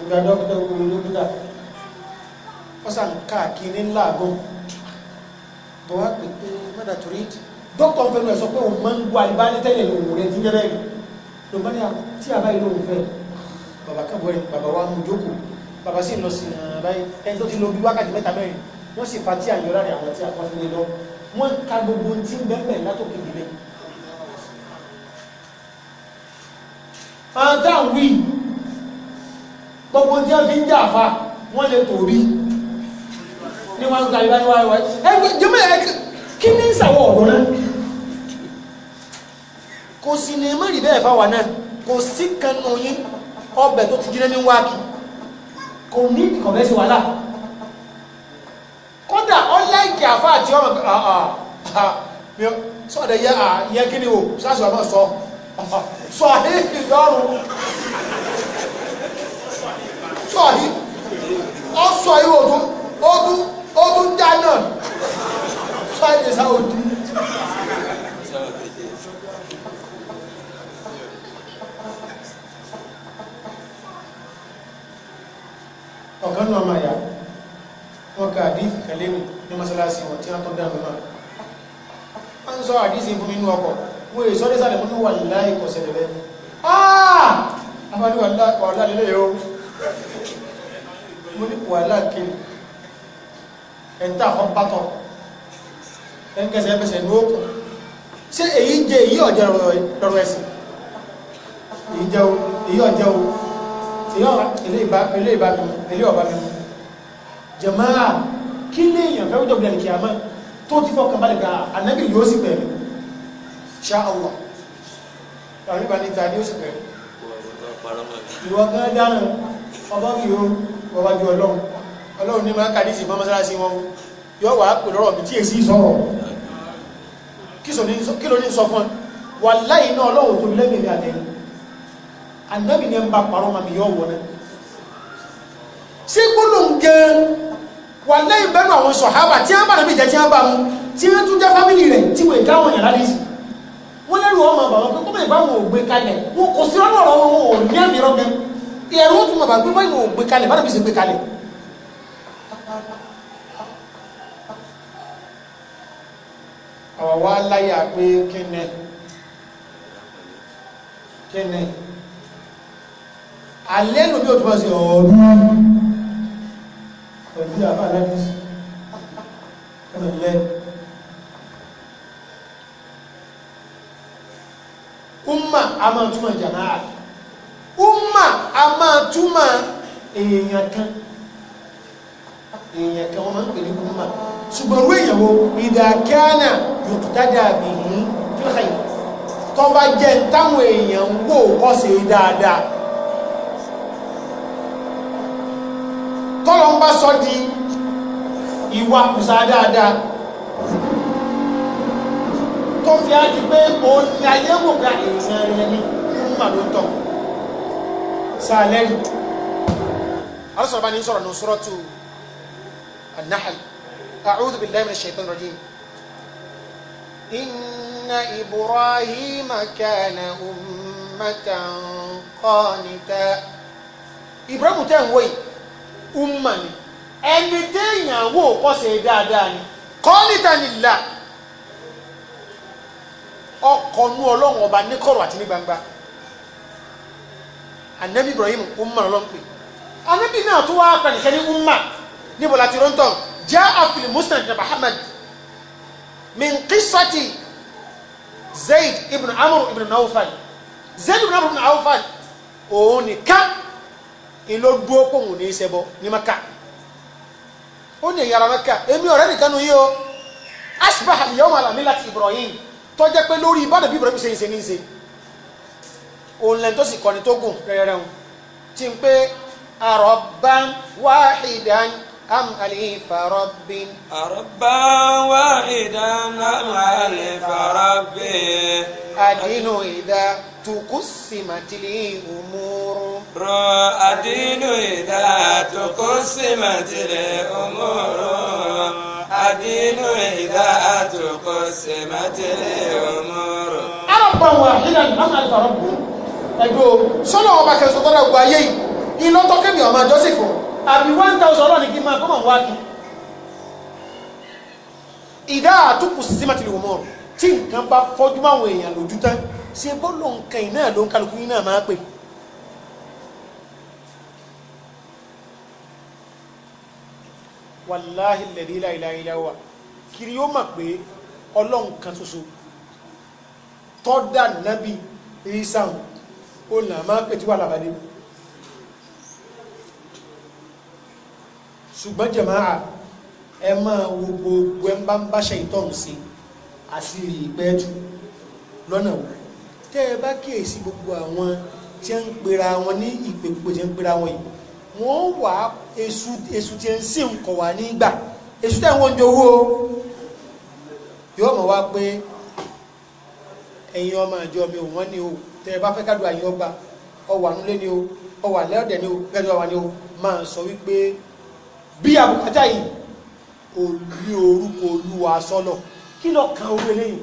ìgbà dókítà gbogbo dókítà fọ́sà ń káàkiri ńlá àgọ́ bọ́ wá pè pé eh, mọ́dà torí ìdí dókítà ń fẹ́ lọ sọ pé òun máa ń gbọ́ alibáni tẹ́lẹ̀ lòun rẹ̀ ti ń yẹ́rẹ́ ló bá ní ah, tí àbá ìlú òun fẹ́ bàbá kàbọ̀ rẹ̀ bàbá wa mú jókòó bàbá sì ah, wọ́n sì fa tí àyọ̀rá rẹ̀ àwọn tí a kọ́ fún mi lọ wọ́n ń ka gbogbo tí ń bẹ́ẹ̀ látòkè nílẹ̀ ọ̀dá wí gbogbo tí wọ́n fi ń jàfà wọ́n lè tò rí ní wọ́n gba ìbá níwá ìwá ẹgbẹ́ jẹ́mọ́ ẹ̀ kí ní ìsàwọ̀ ọ̀rọ̀ náà kò sì ní mọ́rì bẹ́ẹ̀ fáwa náà kò sí kan oyin ọbẹ̀ tó ti jiná ní wáàkì kò ní ìkọ̀mẹ́sì wàhálà kódà ọláìkì àfáà tí ọmọ sọ́ọ̀dẹ̀ yẹ kí ni o sáàsì wà náà sọ sọ̀híhì lọ́rùn sọ̀hí ọ̀sọ̀ yìí ọdún ọdún ọdún dáná sọ̀híhì sáwọ́dún. ọ̀kan náà máa yà wọn ka àdífì kẹlẹ́mù ní mọ́sálásí wọn tí wọ́n tó dáná náà wọ́n ń sọ àdífì fún mi nínú ọkọ̀ wọ́n èso dé sálẹ̀ mú ní wàyí láì kọ̀sẹ̀ lẹ́lẹ́ abájú wàhálà lélẹ̀ yóò mú ní wàhálà kiri ẹ̀ntà kan pátọ̀ ẹ̀ńkẹsẹ̀ ẹ̀fẹsẹ̀ ní òkun ṣé èyí jẹ́ èyí ọ̀jẹ́ lọ́rọ̀ ẹ̀sìn èyí jẹ́ o oh, èyí oh. ọ̀jẹ́ o ṣá ọwọ́ àwọn ìbá níta ní oṣù bẹ̀rẹ̀ ìwọ gan dáná ọba fi o ọba ju ọlọ́run ọlọ́run ní máa kàdísì mọ́ mọ́sálásí wọn yóò wà á pè lọ́rọ̀ mi tí èsì sọ̀rọ̀ kí ló ní sọ fún ẹ wà láì náà ọlọ́run tó lẹ́mìí àtẹ̀yìn ànábì ní ẹ ń bá parọ́ mami yóò wọ náà ṣé gbólóhùn gan wà lẹ́yìn bẹ́ẹ̀ náà àwọn sọ̀hábà tí wọ́n bá nàbí jẹ́ tí wọ́n bá mu tí wọ́n tún jẹ́ fámìlì rẹ̀ tí wọ́n ìdáwọn yàrá lẹ́sìn wọ́n lẹ́rù ọmọ bàbá pé kọ́mọ̀ ìbáwọn ògbé kalẹ̀ wọn kò sí ọ̀rọ̀ ọ̀rọ̀ wọn ò ní àmì rọ́gbẹ́ ẹ̀rù ó tún bàbá pé báyìí wọn ògbé kalẹ̀ báyìí sì gbé kalẹ̀. àwọn wa láyà pé kíni kíni alẹ́ ló bí o tún bá ṣe ọ̀ọ́dún ọ̀dún àbá alẹ́ bí ọ̀dún lẹ́yìn. umma a máa túmọ̀ jamaa umma a máa túmọ̀ èèyàn kan èèyàn kan wọ́n máa ń pè ní umma ṣùgbọ́n wọ́n èèyàn wo ìdàkẹ́ánà yòkútàdà bìí fílẹ̀ tó bá jẹ́ táwọn èèyàn ń wò kọ́ sí dáadáa tọ́lọ́ ń bá sọ di ìwà kùsà dáadáa tó fi á di pé òun ni ayé wò pé àìsàn rẹ ni ń mà ló tọ̀ sàlẹ́rì alásọ̀rọ̀ bá ní sọ̀rọ̀ ní suratu an-Nahl a'udhu billahi minash shaitanir rajim inna ibrahima kana ummatan qanita ibrahim tẹ́ ń wọ́ umma ni ẹni téèyàn wò kọ́ dáadáa ni qanita lillah ọkọ̀nú ọlọ́run ọba ní kọ̀rọ̀ àti ní gbangba anabi ibrahim umma ọlọ́run pè anabi náà tó wá pẹ̀lẹ́kẹ́ ní umma níbo láti rọ́ntàn jẹ́ àfìlì musnad ní muhammad min qisati zayd ibn amr ibn naufal zayd ibn amr ibn naufal òun nìkan ìlò dúró kó òun ní í ṣẹbọ ní maka ó ní ẹ̀yà ara maka èmi ọ̀rẹ́ nìkan nù yí o asbah al-yawma ibrahim tọ́jẹ́ pé lórí ìbádọ̀ bí Ibrahim ṣe ń ṣe ní ṣe òun lẹ́nu tó sì kọ́ni tó gùn rẹ́rẹ́rẹ́ hùn tí ń pé àrọ̀bán wáhìdán am àrọ̀bán wáhìdán am àlìfà rọ́bìn. àdínú ìdá tukusimatili umuru. rọ àdínú ìdá tukusimatili umuru. الدين إذا أتقسمت الأمور أربا واحدا أم ألف رب ẹgbẹ́ o sọ́nà ọba kẹsàn tó dàgbà ayé yìí iná tọ́kẹ́ mi ọmọ joseph àbí one thousand ọlọ́ọ̀ni kí n máa kọ́mọ̀ wá kí. ìdá àtúkù sí màtìlì wò mọ́ tí nǹkan bá fọ́jú máwọn èèyàn lójú tán ṣe bọ́ọ̀lù nǹkan iná ló ń kálukú iná máa pè wàláhì lẹ́dí láìláìláwà kiri ó mọ̀ pé ọlọ́run kan ṣoṣo tọ́dà nábì ìsàn ó nà máa ń pètí wà lábàdé ṣùgbọ́n jẹ̀máà ẹ máa wo gbogbo ẹ ń bá ń báṣẹ ìtọ́hún sí àṣírí ìpẹ́jù lọ́nà wò tẹ́ ẹ bá kíyèsí gbogbo àwọn tí ń pera wọn ní ìpèkúpè tí ń pera wọn yìí wọ́n wà èsù tí ń sí nǹkan wà nígbà èsù tẹ́ wọ́n jọ owó yóò mọ̀ wá pé ẹ̀yin ọmọ ìjọ mi wọ́n ní o tẹ́ bá fẹ́ kádùn àyìn ọgbà ọwà nílé ni o ọwà lẹ́ọ̀dẹ̀ ni o gẹ́gẹ́ ọwà ni o máa sọ wípé bí àbùkátà yìí olú orúkọ olúwa sọ́nà kí lọ kan owó eléyìí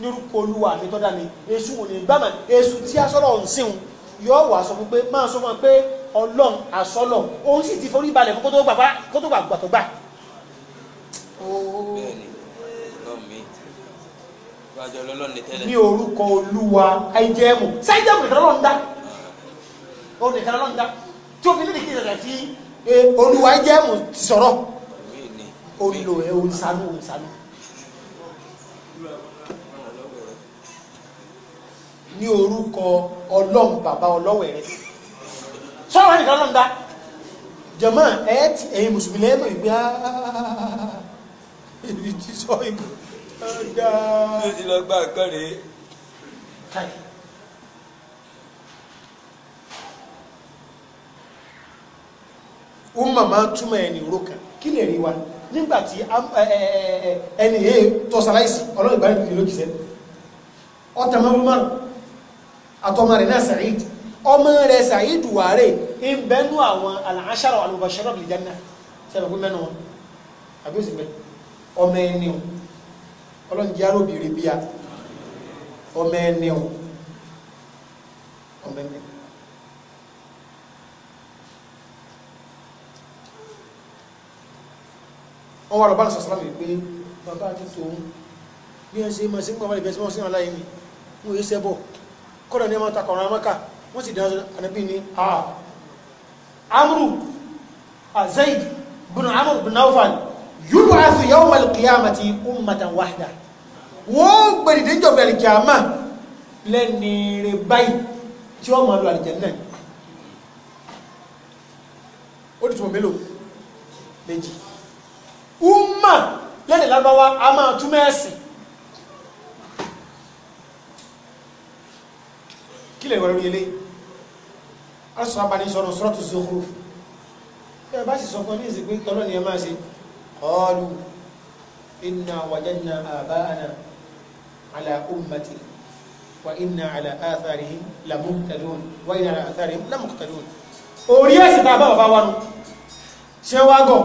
ní orúkọ olúwa mi tọ́dá mi èsù òní gbàmà èsù tí a sọ́nà ọ̀hún sí yóò wà sọ fún pé máa sọ fún pé ọlọ́run àsọlọ̀ òun sì ti forí balẹ̀ fún kótó gbàgbà kótó gbàgbà tó gbà. bẹ́ẹ̀ni ọlọ́run mi gbàjọ ọlọ́run ní tẹ́lẹ̀. ní orúkọ olúwa àìjẹmù sáìjẹmù nìkan ọlọ́run dá òun nìkan ọlọ́run dá tí o fi ní nìkan ìṣẹ̀lẹ̀ fi olúwa àìjẹmù ti sọ̀rọ̀ olùlò ẹ̀ òun sanu òun sanu. ní orúkọ ọlọ́run bàbá ọlọ́wẹ̀rẹ̀ sọ́rọ̀ ẹnìkan lọ́n dá jẹ̀mọ́ ẹ̀ẹ́tì ẹ̀yìn mùsùlùmí lẹ́ẹ̀mọ̀ ìgbé ibi tí sọ ìbò ọ̀dá tó ti lọ gbà nǹkan rèé ó mà máa túmọ̀ ẹni ró kan kí lè rí wa nígbà tí ẹni èé tọ́sàláìsì ọlọ́run ìgbàlódé lójì sẹ́ ọ̀tàmọ́ bímọ́ àtọmọ rẹ̀ náà sàrídìí ọmọ rẹ̀ Saheed Ware ń bẹnu àwọn al-ashara al-mubashshara bil janna sẹ́dọ̀ pé wọn àbí òsì ọmọ ẹni o ọlọ́run jẹ́ àrò bìrì ọmọ ẹni o ọmọ ẹni. wọ́n wà lọ́bàá sọ̀sọ́ láti pé bàbá àti tòun bí wọ́n ṣe máa ṣe ń gbọ́n wọn lè bẹ̀rẹ̀ sí wọn sí wọn mi wọ́n yé sẹ́bọ̀ kọ́dọ̀ ní ẹ máa amáka wọ́n sì dáná anábì ní a amru a zaid bin amr bin naufal yub'athu yawm al-qiyamati ummatan wahda wọ́n gbẹ̀dìdẹ́ jọ bẹ̀rẹ̀ kìámà lẹ́ni rẹ̀ báyìí tí wọ́n máa lo ó dì mélòó méjì umma lẹ́nì lábáwá a máa túmọ̀ ẹ̀sìn kí lè wọ́n rí eléyìí asọ abani sọ̀rọ̀ sọrọtù Zukhruf ẹ bá sì sọ fún ọ ní ìsìnkú tọlọ ni ẹ máa ṣe qalu inna wajadna aba'ana ala ummati wa inna ala atharihim lamuqtadun wa inna ala atharihim lamuqtadun orí ẹsẹ tá a bá bàbá wa nù ṣé wàá gọ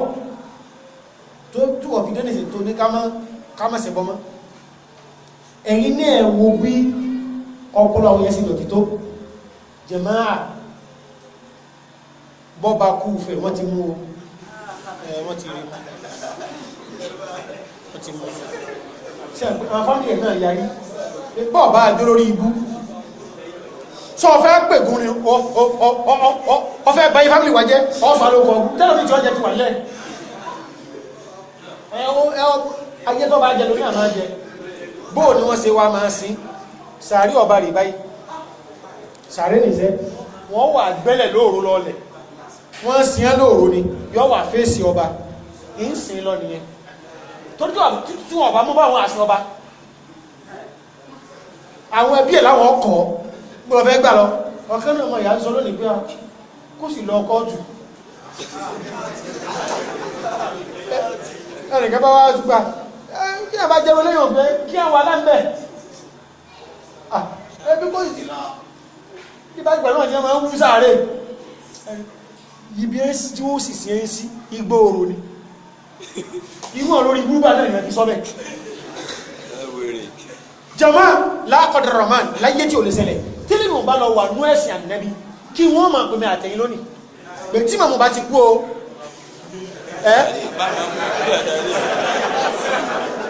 tó tó ọ̀fi dẹ́nìsì tó ní ká má ṣe bọ́ mọ́ ẹ̀yin náà wo bí ọpọlọ àwọn yẹn sì lọ ti bọ́ba kú fẹ̀ wọ́n ti mú o ah. eh, wọ́n ti rí wọ́n ti mú o ṣe àwọn fáńdì ẹ̀ náà yarí bọ́ọ̀bá àjọ lórí ibú sọ ọ fẹ́ pègùn ni ọ fẹ́ báyé fámìlì wa jẹ́ ọ̀fà ló kọ́ tẹ́lẹ̀ mi jọ jẹ ti wà lẹ́ ayé tó bá jẹ lórí àmà jẹ bóò ni wọ́n ṣe wá máa sin sàárì ọba rè báyìí sàárè nìṣẹ́ wọ́n wà gbẹ́lẹ̀ lóòrò lọ́ọ̀lẹ̀ wọ́n sin án lóòrò ni yóò wà fèsì ọba ń sin lọ nìyẹn torí tí wọn ọba mú báwọn àsin ọba àwọn ẹbí ẹ̀ láwọn ọkọ̀ gbọ́dọ̀ fẹ́ gbà lọ ọ̀kẹ́ náà mọ̀ ìyá ń sọ lónìí pé ah, kó sì lọ kọ́ọ̀tù ẹnìkan bá wá gbà eh, kí ẹ bá jẹ́ olóyìn òpé kí àwọn aláǹbẹ̀ ah, ẹbí kó sì lọ kí bá gbà náà ní ọmọ wú sáré ibi ẹ́sí tí wọ́n sì sí ẹ́sí igbó oró ni irú ọ̀rọ̀ orí búrúbà náà ìrìnàjò sọ́bẹ̀ jama láàkọ̀dọ̀ rahman láyé tí ò lè ṣẹlẹ̀ tí lè mọ̀ bá lọ wà nú ẹ̀sìn ànábì kí wọ́n máa pè mí àtẹ̀yìn lónìí bẹ́ẹ̀ tí màmú bá ti kú o ẹ́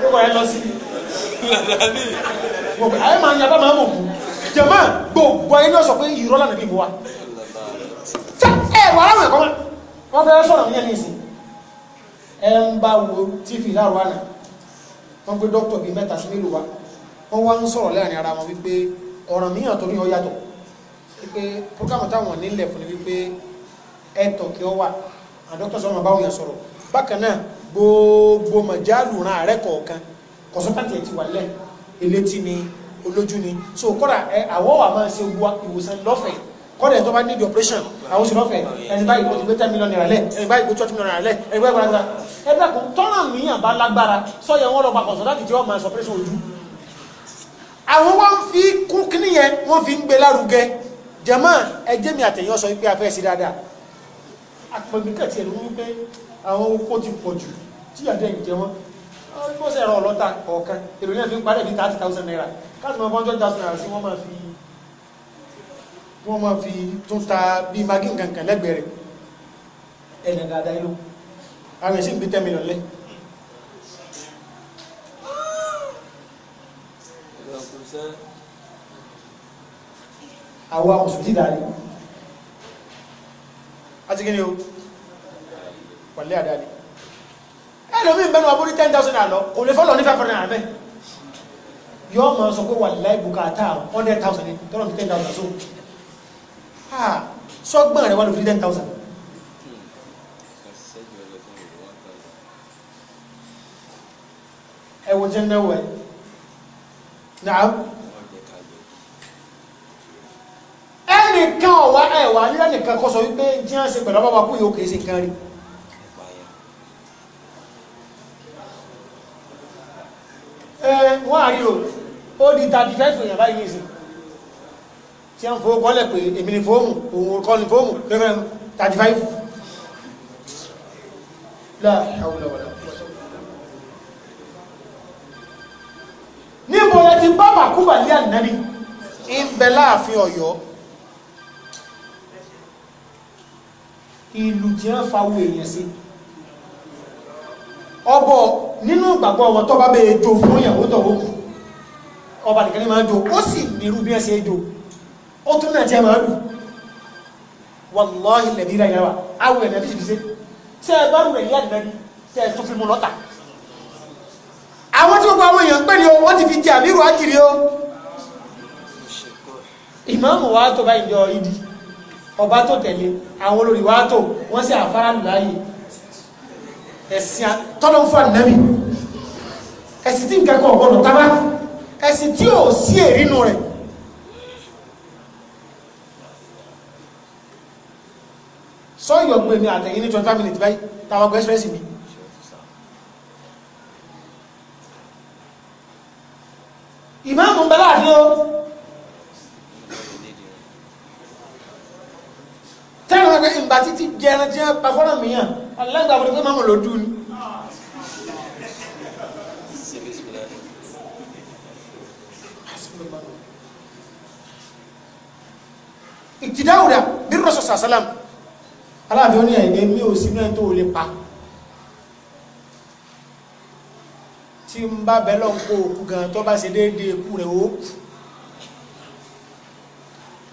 ó wà ẹ lọ sí i ayé máa ń yaba máa mọ̀ kú jama gbogbo ayé náà sọ pé ìrọ́lá nàbí mọ́ wa ẹ wà láwọn ẹ̀kọ́ wọn fẹ́ sọ̀rọ̀ ní ẹ̀mí ìsìn ẹ ń bá wo tv láàrú àná wọn gbé dókítà bíi mẹ́ta sí mélòó wa wọn wá ń sọ̀rọ̀ lẹ́yìn ara wọn wípé ọ̀ràn mìíràn tó ní ọ yàtọ̀ wípé programu táwọn nílẹ̀ fún ni wípé ẹ̀tọ́ kí ọ wà àdókítà sọ̀rọ̀ báwọn yẹn sọ̀rọ̀ bákan náà gbogbo màjálù ran ààrẹ kọ̀ọ̀kan kọ̀sọ́tàntì ẹ̀ ti wà lẹ̀ elétí ni olójú ni so kọ́ra àwọn wà máa ṣe kọ́dẹ̀ tó bá níbi operation àwọn òṣèlú ọ̀fẹ́ ẹni báyìí kò ti gbé ten million naira lẹ̀ ẹni báyìí kò tí wọ́n ti million naira lẹ̀ ẹni báyìí kò lágbára ẹgbẹ́ kan tọ́nà míyàn bá lágbára sọ́yẹ wọn lọ pa kọ̀sọ̀ láti jẹ́ ọmọ ẹ̀sọ̀ operation ojú. àwọn wọn fi kún kíní yẹn wọn fi ń gbé lárugẹ jẹmọ ẹjẹ mi àtẹyìn ọsọ wípé afẹ́ sí dáadáa àpẹgbẹ́kẹ̀ tiẹ̀ ló wípé àwọn oko ti pọ̀ jù tí àdé ń jẹ wọn ó sì ẹ̀rọ ọlọ́ta kọ̀ọ̀kan èrò yẹn fi ń parẹ́ thirty thousand naira káàtì mọ́ one thousand naira sí wọ́n fi wọ́n máa fi tún ta bí magi nkankan lẹ́gbẹ̀ẹ́ rẹ̀ ẹ̀yàn dáadáa ìlú àwọn èsì gbé tẹ́mi lọ́lẹ́ àwọn òsùn dídà rí àti kí ni o pẹ̀lẹ́ àdáni ẹlòmí ìbẹ̀nu àbúrí 10,000 àlọ́ kò lè fọ́lọ̀ ní 500 àbẹ́ yọ́ ma sọ pé wà láìbùkátà 100,000 tọ́lọ̀ 10,000 sóò Ah, sọ́gbọ́n rẹ̀ wà ló fi ten thousand. ẹ̀wọ̀n jẹ́ náwó ẹ̀ náà ẹnìkan ọ̀wá ẹ̀wà nílẹ̀ nìkan kọ́ sọ wípé jí á ṣe pẹ̀lú ọmọ kú yóò kèé sí nǹkan rí ẹ wọ́n àríro ó di 35 èèyàn báyìí nìsín tí a ń fowó kọ́lẹ̀ pé èmi ni fóòmù òun kọ́ ni fóòmù pẹ́pẹ́ 35 láàáwọ̀lọ́wọ́lọ́ níbo ẹ ti bá bàkúbà ní ànábì ń bẹ láàfin ọ̀yọ́ ìlú tí wọ́n fa owó èèyàn sí ọbọ̀ nínú ìgbàgbọ́ wọn tọ́ bá bẹ́ẹ̀ jo fún ìyàwó tọ̀wọ́ ọba nìkan ní máa jo ó sì nírú bí ẹ ṣe jo ó tún náà tí a máa lù wàlọ́ọ̀hì lẹ̀bí ra ìyáwá awọ ẹ̀ lẹ́bí ṣiṣẹ́ ṣe ẹ bá rẹ̀ yá lẹ́bí ṣe ẹ tún fi mú lọ́tà àwọn tí gbogbo àwọn èèyàn pè ní o wọ́n ti fi jẹ àmírù ájìrí o ìmáàmù wa tó báyìí jọ ìdí ọba tó tẹ̀lé àwọn olórí wa tó wọ́n sì àfárá lù láàyè ẹ̀sìn tọ́lọ́ fún ànábì ẹ̀sìn tí nǹkan kan ọ̀gbọ́dọ̀ tábà ẹ̀sìn tí ò sí èrínú rẹ̀ sọ ìyọ̀gbẹ̀ mi àtẹ̀yìn ní 25 minutes báyìí tàwọn ọgbẹ̀ express mi ìmáàmù ń bẹ láàrin o tẹ́lẹ̀ wọn pé ìgbà títí jẹran tí wọ́n pa fọ́nà mìíràn alágbà wọn pé máàmù ló dùn ni ìtìdáwòrán bí rọ́sọ̀sọ̀ àsálàmù aláàfin ó ní ẹ̀yìn mi ò sí mẹ́rin tó lè pa tí ń bá bẹ́lọ̀ ń kó òkú gan tó bá ṣe déédéé ikú rẹ̀ ó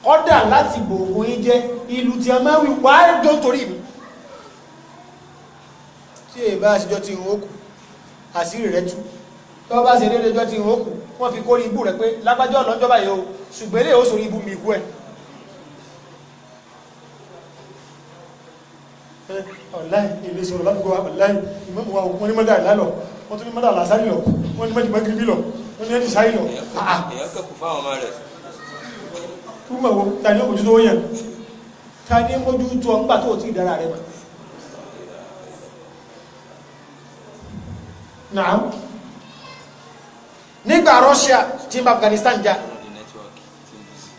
kọ́dà láti gbòògùn jẹ́ ìlú tí a máa wí wà ẹjọ́ torí mi tí è bá ṣíjọ́ tí ìhun òkú àṣírí rẹ̀ tú tó bá ṣe déédéé jọ́ tí ìhun òkú wọ́n fi kórí ibú rẹ̀ pé lágbájọ́ ọlọ́jọ́ báyìí o ṣùgbẹ́lẹ̀ ó sórí ibú mi ikú ẹ̀ ọ̀láì ilé sọ̀rọ̀ láti gọ́wà ọ̀láì ìmọ̀mù wa wọ́n ní mọ́dà ìlálọ̀ wọ́n tún ní mọ́dà làásárì lọ wọ́n ní mọ́dà gírí lọ wọ́n ní ẹ̀dìsáì lọ. èèyàn kẹ́kù ah, ah. fáwọn ọmọ rẹ̀. túmọ̀ wo ta ni òkú tó yẹn ta ni mójú ọ nígbà tó o ti dára rẹ mọ́. nàá nígbà Russia ti ń bá Afghanistan jà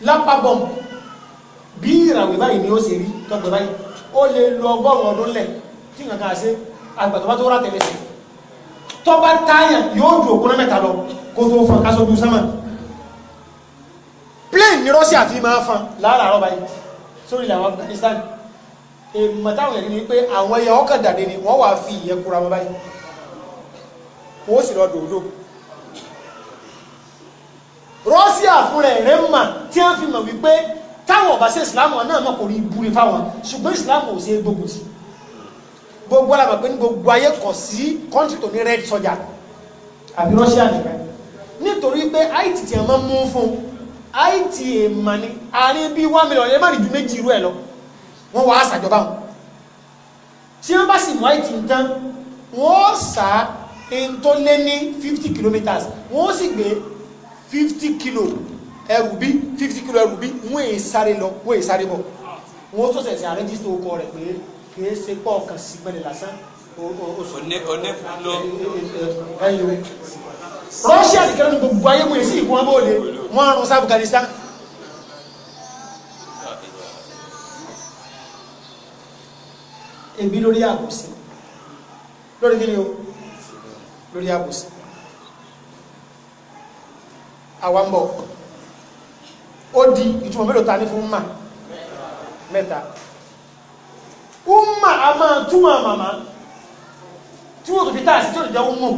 lápá bọ́m bí ìràwé báyìí ni ó ṣe rí tọ́gbẹ́ báyìí ó lè lọ ọgọ́rùn ọdún lẹ̀ tí nǹkan kan ṣe àgbàtọ́bá tó rà tẹ̀lé sí tọ́ba táyà yóò ju òkúná mẹ́ta lọ kó tó fan ká sójú sánmà plane ní Russia fi máa fan láàárọ̀ báyìí sórí ilẹ̀ àwọn Afghanistan èèmọ̀ táwọn yẹn ni pé àwọn ẹyẹ ọkàn dàdé ni wọ́n wàá fi ìyẹn kura wọn báyìí wọ́n sì lọ dòdò Russia fúnra ẹ̀rẹ́ mà tí wọ́n fi mọ̀ wípé táwọn ọba sí ìsìláàmù náà mọ̀ kò rí ibú ni fáwọn ṣùgbọ́n ìsìláàmù ò sí gbogbo tì gbogbo alamọ̀ pé ní gbogbo ayé kọ̀ sí kọ́ńtì tó ní red sọ́jà àbí Russia nìkan nítorí pé haiti tí a máa mú fún haiti èèmọ̀ ni àárín bíi one million ẹ má rí ju méjì irú ẹ lọ wọ́n wá àṣàjọba wọn tí wọ́n bá sì mú haiti ń tán wọ́n sá ẹni tó lé ní fifty kilometres wọ́n sì gbé fifty kilo ẹrù bí fifty kilo ẹrù bí wọ́n èyí sáré lọ wọ́n èyí sáré bọ̀ wọ́n tó sẹ̀sẹ̀ àrẹ́jísítà okọ rẹ̀ pé kìí ṣe pọ̀ kàn sí gbẹ̀lẹ̀ lásán. Russia nìkan ní gbogbo ayé wòye sí ìwọ̀n bóde wọ́n rún sí Afghanistan. ebi lórí àbòsí lórí kí ni o lórí àbòsí àwa ń bọ̀ ó di ìtumọ̀ mélòó ta ní fún mà mẹ́ta umma a máa túmọ̀ màmá tí wọ́n tó fi táàsì tí ó jẹ́ ummu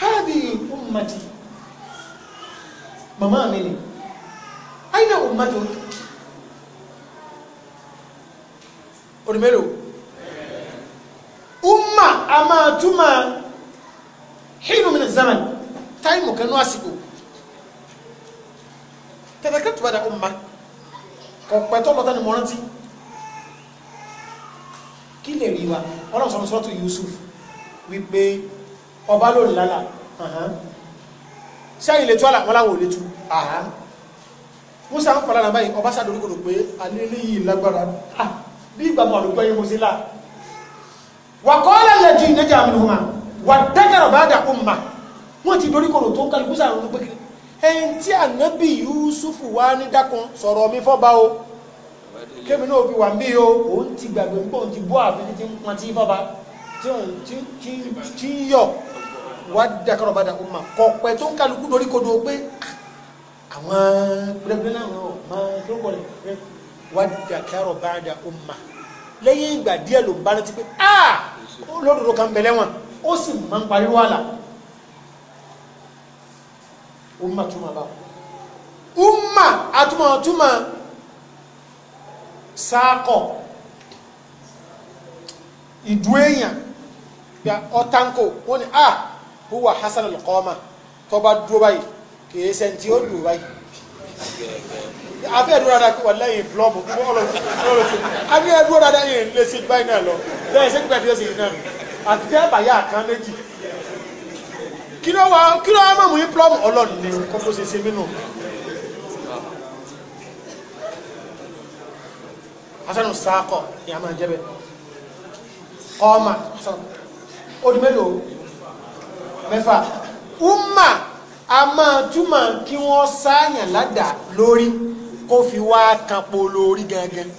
hadi ummati màmá mi ni aina ummatu orí umma a máa túmọ̀ hinu min táìmù kanú àsìkò tẹ̀sẹ̀kẹ́ tó bá dà ó ma ọ̀pẹ tó lọ́tà ni mo rántí kí lè rí wa ọlọ́run sọ́tù Yusuf wípé ọba ló lálà sẹ́yìn lè tú àlà wọn láwọn ò lè tú Musa ń fara nàbáyé ọba sàdóríkòdò pé alẹ́ yìí lágbára ah, bí ìgbà mọ̀ àdúgbò yìí mo sí là wàkọ́ọ́lá yẹ di ìnẹ́jà àmì hùmà wà dẹ́gẹ̀rọ̀ bá dà ó mà wọ́n ti doríkòdò tó ń kálukú sàrùn ló pé kiri ẹyin tí ànábì yusufu wá ní dákun sọ̀rọ̀ mi fọ́ba o kémi náà fi wà mí o òun ti gbàgbé ń bọ̀ òun ti bọ́ àfi ti ń pọn tí fọ́ba tí òun ti ń yọ̀ wá dákàrọ̀ bá dàkú mà kọ̀pẹ́ tó ń kálukú dorí kodo pé ah, àwọn pẹlẹpẹlẹ náà wọn máa tó kọ lẹ wá dákàrọ̀ bá dàkú mà lẹ́yìn ìgbà díẹ̀ ló ń bá rántí pé a ah, olódodo kan bẹ̀lẹ́ wọn ó sì máa ń pariwo àlà umma túmọ̀ bá umma atúmọ̀ túmọ̀ sáàkọ̀ ìdú èèyàn bí ọ̀tánkò wọ́n ni ah huwa hasan al-qoma tó bá dúró báyìí kìí ṣe tí ó dúró báyìí afẹ́ ìdúró dáadáa wà lẹ́yìn blọ́ọ̀mù ọlọ́ọ̀lọ́sẹ̀ a ní ẹdúró dáadáa yìí lè ṣe báyìí náà lọ lẹ́yìn ṣé gbẹ̀dẹ̀ sí náà àti tẹ́ bàyà kan méjì kí ló wá kí ló wá mọ̀ mú plọ́mù ọlọ́run ní kókó ṣe ṣe mínú. asanu saakọ ìyá máa jẹ́ bẹ́ẹ̀ ọmọ asanu odi mélòó mẹ́fà umma a máa túmọ̀ kí wọ́n sáàyàn ládàá lórí kó fi wá kanpo lórí gangan.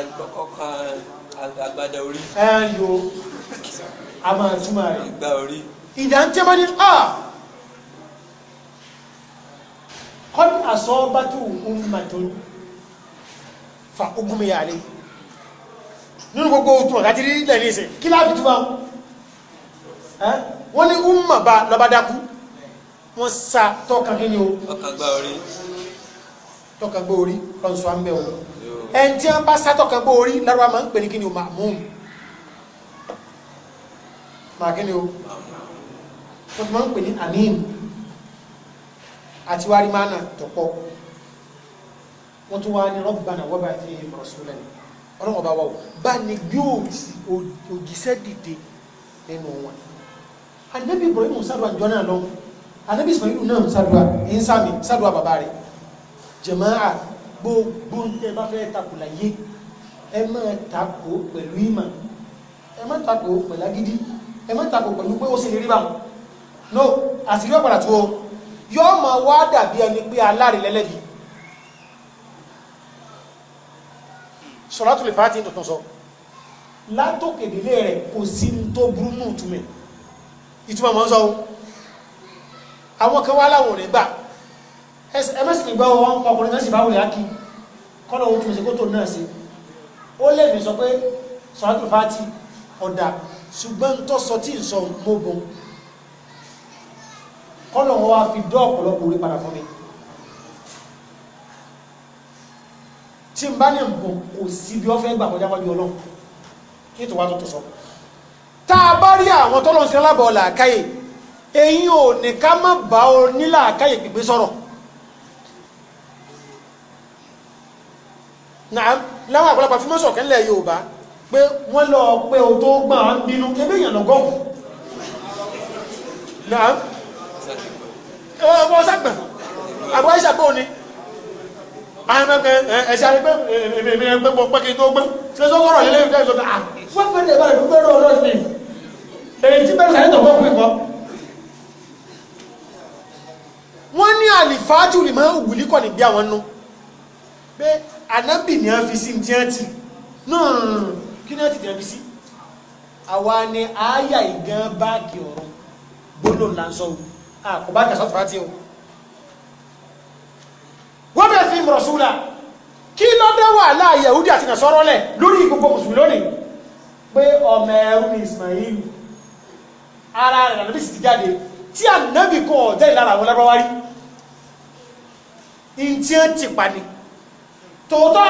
àkọ́kọ́ kan agbada orí. ẹ yo a máa túmọ̀ rẹ̀. ìgbà orí ìdáńtẹ́mọ́ ní à kọ́n àsọ́bátù ummatun fa ogunmi àlè nínú gbogbo òtún ọ̀dá ti rí ilẹ̀ ní ìsẹ̀ kí láàbì túbá wọ́n ní umma bá lọ́bá dákú wọ́n sa tọ́ka kí ni o tọ́ka gbé orí lọ́nṣọ́ àmì ẹ̀wọ̀n ẹni tí wọ́n bá sá tọ́ka gbé orí lárúbá máa ń pè ní kí ni o ma'mum ma kí ni o ma'mum wọ́n ti máa ń pè ní amin àti wárí máa nà tọ̀pọ̀ wọ́n tún wá ní rabbana wa ba'ath fihim rasulan ọlọ́wọ́ bá wà ó bá ní gbé òjíṣẹ́ dìde nínú wọn anabi ibrahim sadua njọ náà lọ anabi ismailu náà sadua insami sadua bàbá rẹ̀ jẹ̀máà gbogbo ẹ bá fẹ́ takò láyé ẹ má takò pẹ̀lú ìmọ̀ ẹ má takò pẹ̀lú agídí ẹ má tako pẹ̀lú pé ó sì lè rí báwọn no àṣírí ọ̀pàdà tó yóò ma wá dàbí ẹni pé alárìnlẹ́lẹ́bí sọ̀rọ̀tù lè fàá tí ń tọ̀tọ̀ sọ látòkèdélé rẹ̀ kò sí tó burú nù túnmẹ̀ ìtumọ̀ mọ́ sọ àwọn kan wá láwọn rẹ̀ gbà ẹmẹ́sì lè gbọ́ wọn ọkùnrin náà sì bá wùlẹ̀ ákí kọ́lọ̀ wọn wá fi dọ́ ọ̀pọ̀lọpọ̀ orí padà fún mi tí n bá ní nǹkan kò sí bí wọ́n fẹ́ gbà kọjá wájú ọlọ́run kí ètò wa tó tó sọ tá a bá rí àwọn tọ́lọ́ sí alábọ̀ làákàyè eyín ò ní ká má bá ọ ní làákàyè pípé sọ̀rọ̀ náà láwọn àgbàlagbà fi mọ́sọ̀ kẹ́lẹ̀ Yorùbá pé wọ́n lọ pé o tó gbọ́n à bínú ebéèyàn lọ́gọ́rùn-ún ọmọ sàgbà àbúrò àyíṣà bò ní àwọn ẹgbẹ́ ẹsẹ àgbẹ èmi ẹgbẹ́ mọ pẹkì tó gbẹ ṣe sọ kọrọ yẹlẹ ìfẹ́ ìṣọdọ à wọn fẹẹ lè balẹ̀ gbogbo ẹ̀rọ ọlọrin ni èyí tí bẹ̀rẹ̀ sàyẹtọ gbọ fún ìkọ. wọn ní àlìfáàjù lè máa ń wùlí kọ níbi àwọn nù pé anábì ni a fi sí ní tiẹ́ntì náà kí ni a ti tẹ̀ fi sí. àwa ni àáyà ìgàn báàgì ọ̀rọ̀ gbólóhùn là ń sọ wò àkùbá ah, kẹsàn fàtí o wọ́n bẹ̀ fi mọ̀rọ̀súlà kí ló dá wàhálà yahudi àti nàṣọ́rọ́ lẹ̀ lórí gbogbo mùsùlùmí lónìí pé ọmọ ẹrú ni ismail ara rẹ̀ nàbí sì ti jáde tí ànábì kọ́ ọ̀jẹ́ ìlara àwọn lábáwá rí ìtí ó ti pa ni tòótọ́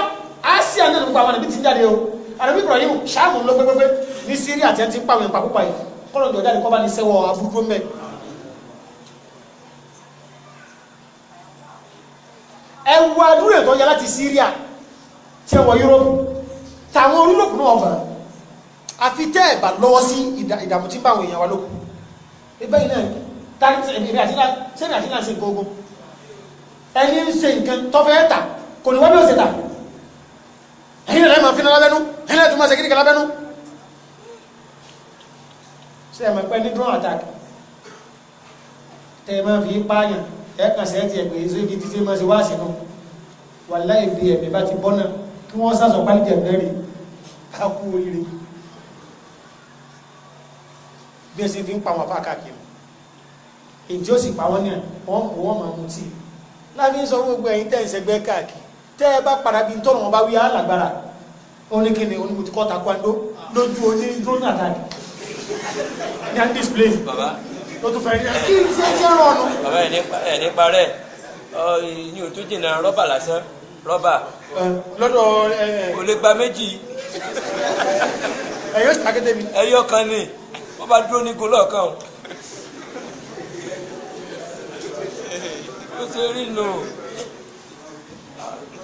asia náà nípa àwọn ànábì ti jáde o ànábì Ibrahim ṣáàmù ló pépépé ní Syria àti ẹni tí ń pàwọn ìpàkópa yìí kọ́lọ̀ ìjọba jáde kọ́ bá ní sẹ́wọ̀ aburú mẹ́rin ẹwà àdúrà ètò ọjà láti Syria tí ẹ wọ Europe tàwọn orílẹ̀-èdè náà mọ̀ àfi tẹ́ ẹ̀ bá lọ́wọ́ sí ìdààmú tí báwọn èèyàn wa lókù ẹgbẹ́ yìí náà tàbí sẹ́ni àti náà ṣe gbogbo ẹni ń se nǹkan tọ́fẹ́ ẹ̀ta kò ní wọ́n bí ó ṣe tà ẹ̀yìn rẹ̀ máa fi náà lábẹ́nú ẹ̀yìn rẹ̀ tó máa ṣe kíríkà lábẹ́nú ṣe ẹ̀mọ̀ pẹ́ ní drone attack ẹ̀ẹ̀kan sí ẹ̀tì ẹ̀pẹ̀ èso ibi títí máa ṣe wá sínú wà láì bí ẹ̀mí bá ti bọ́nà kí wọ́n sàṣọ pálíjẹ̀ mẹ́rin kákú oríire bí ẹsẹ̀ fi ń pa wọn fà káàkiri èyí tí ó sì pa wọn náà wọ́n mú wọn máa mú tí láfi ń sọ gbogbo ẹ̀yin tẹ́ ń sẹgbẹ́ káàkiri tẹ́ ẹ bá padà bí tọ́nà wọn bá wí alágbára oníkìnnì onímùtíkọ́ takwando lójú oní drone attack ní à ń display ló tún fẹ́ rí ẹ kí ṣe ṣe rọrùn. bàbá ẹ̀ nípa rẹ̀ ní òtún jìnnà rọ́bà lásán rọ́bà. lọ́dọ̀ ẹ. kò lè gba méjì. ẹ̀yọ́ sàkété mi. ẹ̀yọ́ kan ni wọ́n bá dúró ní gòlọ́ kan. ló ṣe rí nù.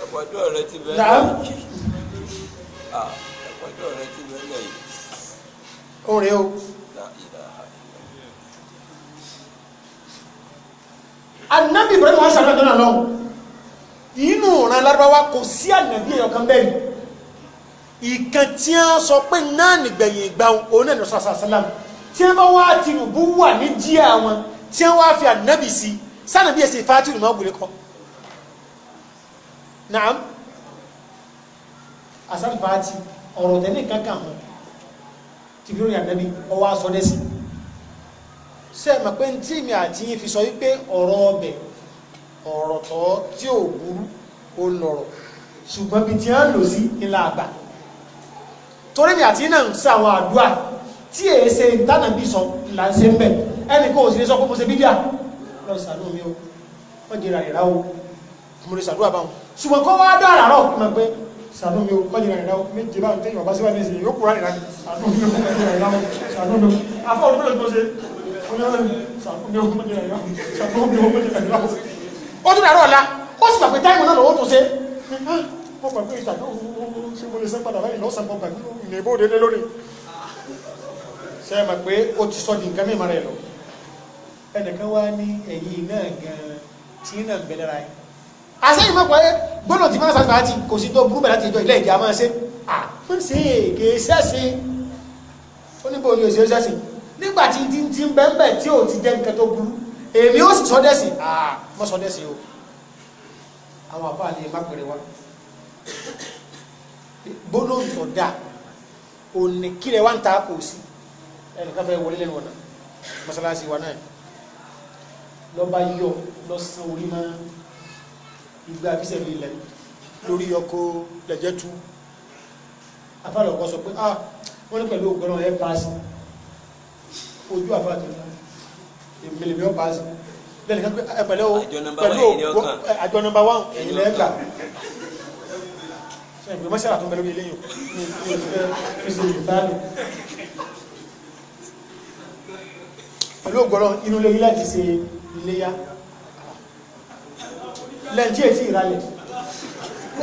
ẹ̀pọ̀jọ́ rẹ ti bẹ̀rẹ̀ lẹ́yìn. ẹ̀pọ̀jọ́ rẹ ti bẹ̀rẹ̀ lẹ́yìn. ó rèé o. anabi ibrahim wọn sàrẹ́ àdúrà lọ́wọ́ inú ìran larabawa kò sí anabi ẹ̀yọ̀kan bẹ́ẹ̀ ni ìkan tí a sọ pé náà nìgbẹ̀yìn ìgbà òun náà lọ́sọ̀ sàlám tí a bá wá tìǹbù wà ní díẹ̀ àwọn tí a wá fi anabi sí sànàbí ẹ̀sìn fàtìrì máa gbòlé kọ́ naam asan fati ọ̀rọ̀ tẹ́lẹ̀ kankan hàn tìbí lórí anabi ọwọ́ asọ́dẹ́sìn ṣe é mọ̀ pé tí èmi àti yín fi sọ wípé ọ̀rọ̀ ọbẹ̀ ọ̀rọ̀ tọ́ tí ò burú ó lọ̀rọ̀ ṣùgbọ́n bí tí wọ́n lò sí ńlá àgbà torí mi àti yín náà ń ṣe àwọn àdúrà tí èyí ṣe ìtànà bí sọ là ń ṣe ń bẹ̀ ẹnì kò sì lè sọ pé mo ṣe bíbíà lọ sàánú mi o wọ́n jẹ́ ìrànlẹ́ra o mo lè ṣàdúrà báwọn ṣùgbọ́n kọ́ wá dára rọ̀ mọ̀ pé sànú mi o mọ́jì rẹ̀ náà méje bá ń tẹ́yìn ọba síwájú ìsìn yóò kúrò rẹ̀ náà sànú mi o mọ́jì rẹ̀ náà sànú mi o afọ́ ó tún dàrú ọ̀la ó sì gbàgbé táìmù náà lọ́wọ́ tó ṣe mo gbàgbé ìtàgbé ṣe mo lè sẹ́ padà báyìí lọ́sàn-án mo gbàgbé ìlẹ̀ ìbò òde lórí ṣe mọ̀ pé ó ti sọ di nǹkan mímọ́ rẹ̀ lọ ẹnìkan wá ní ẹ̀yìn náà gan-an tí náà gbẹ lára yìí àṣẹ́yìn mọ́ pẹ́ gbọ́nà tí máa sàṣà àti kò sí tó burú bẹ̀rẹ̀ láti ẹjọ́ ilé ìjà máa ṣe à pín sí èké ṣẹ́sìn ó ní bó ni òṣèré ṣẹ́sìn nígbà tí ti ti ń bẹ́ẹ̀ tí ò ti jẹ́ nǹkan tó burú èmi ó sì sọ dẹ́sìn àà mọ́ sọ o àwọn àbá lè má pèrè wa gbólóhùn tó dáa òní kílẹ̀ wá ń ta kò sí ẹnìkan fẹ́ wọlé lẹ́nu ọ̀nà mọ́sálásí wa náà lọ́ba yọ lọ́sàn orí mọ́ ìgbà àbísẹ̀ mi lẹ̀ lórí ọkọ̀ lẹ̀jẹ̀ tú afárẹ̀ ọkọ̀ sọ pé ah wọ́n ní pẹ̀lú ògbọ́n ẹ̀ bá a sàn ojú àfáàtì náà ìpìlẹ̀ mi ó paasi lẹ́nu kan pẹ̀lú o pẹ̀lú o àjọ nọmba wán èyí lẹ́ gbà ṣe mọ́ṣára tó ń bẹ lórí eléyìn ní ìfẹ́ fèsì ìbáàlù pẹ̀lú ògbọ́nà inú lórí láti ṣe iléyá lẹ́ǹtí ètí ìralẹ̀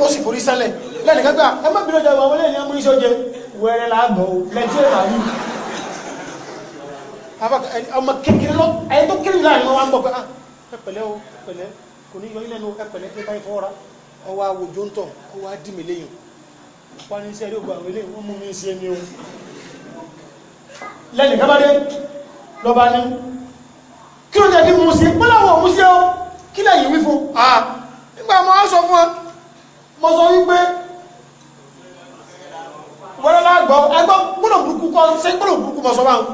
ó sì forí sálẹ̀ lẹ́nu kan gbà ẹ má bínú ọjà wọn lẹ́yìn amúníṣẹ́ oúnjẹ wẹ́rẹ́ làágbọ̀ lẹ́ǹtí ìràlẹ̀ Eh, ọmọ kékeré lọ ẹni tó kéré láàrin wọn wá ń bọ̀ pé ah ẹpẹ̀lẹ́ o ẹpẹ̀lẹ́ kò ní yọ ilẹ̀ nu ẹpẹ̀lẹ́ pé báyìí fọwọ́ra ọwọ́ àwòjọ ń tàn ọwọ́ àdìmí lẹ́yìn wọn ní sẹ́ẹ̀rì ògbà àwọn eléyìí wọ́n mú mi sí ẹni o lẹ́yìn kábàdé lọ́ba ní kí ló jẹ́ kí mo ṣe pé láwọn òun ṣe ó kí lẹ́yìn wí fún ah nígbà mo á sọ fún ọ mo sọ wípé wọ́n lọ́la gbọ́ ẹgbọ́ gbọ́dọ̀ burúkú kọ́ ṣe gbọ́dọ̀ burúkú mọ̀ sọ́ báwọn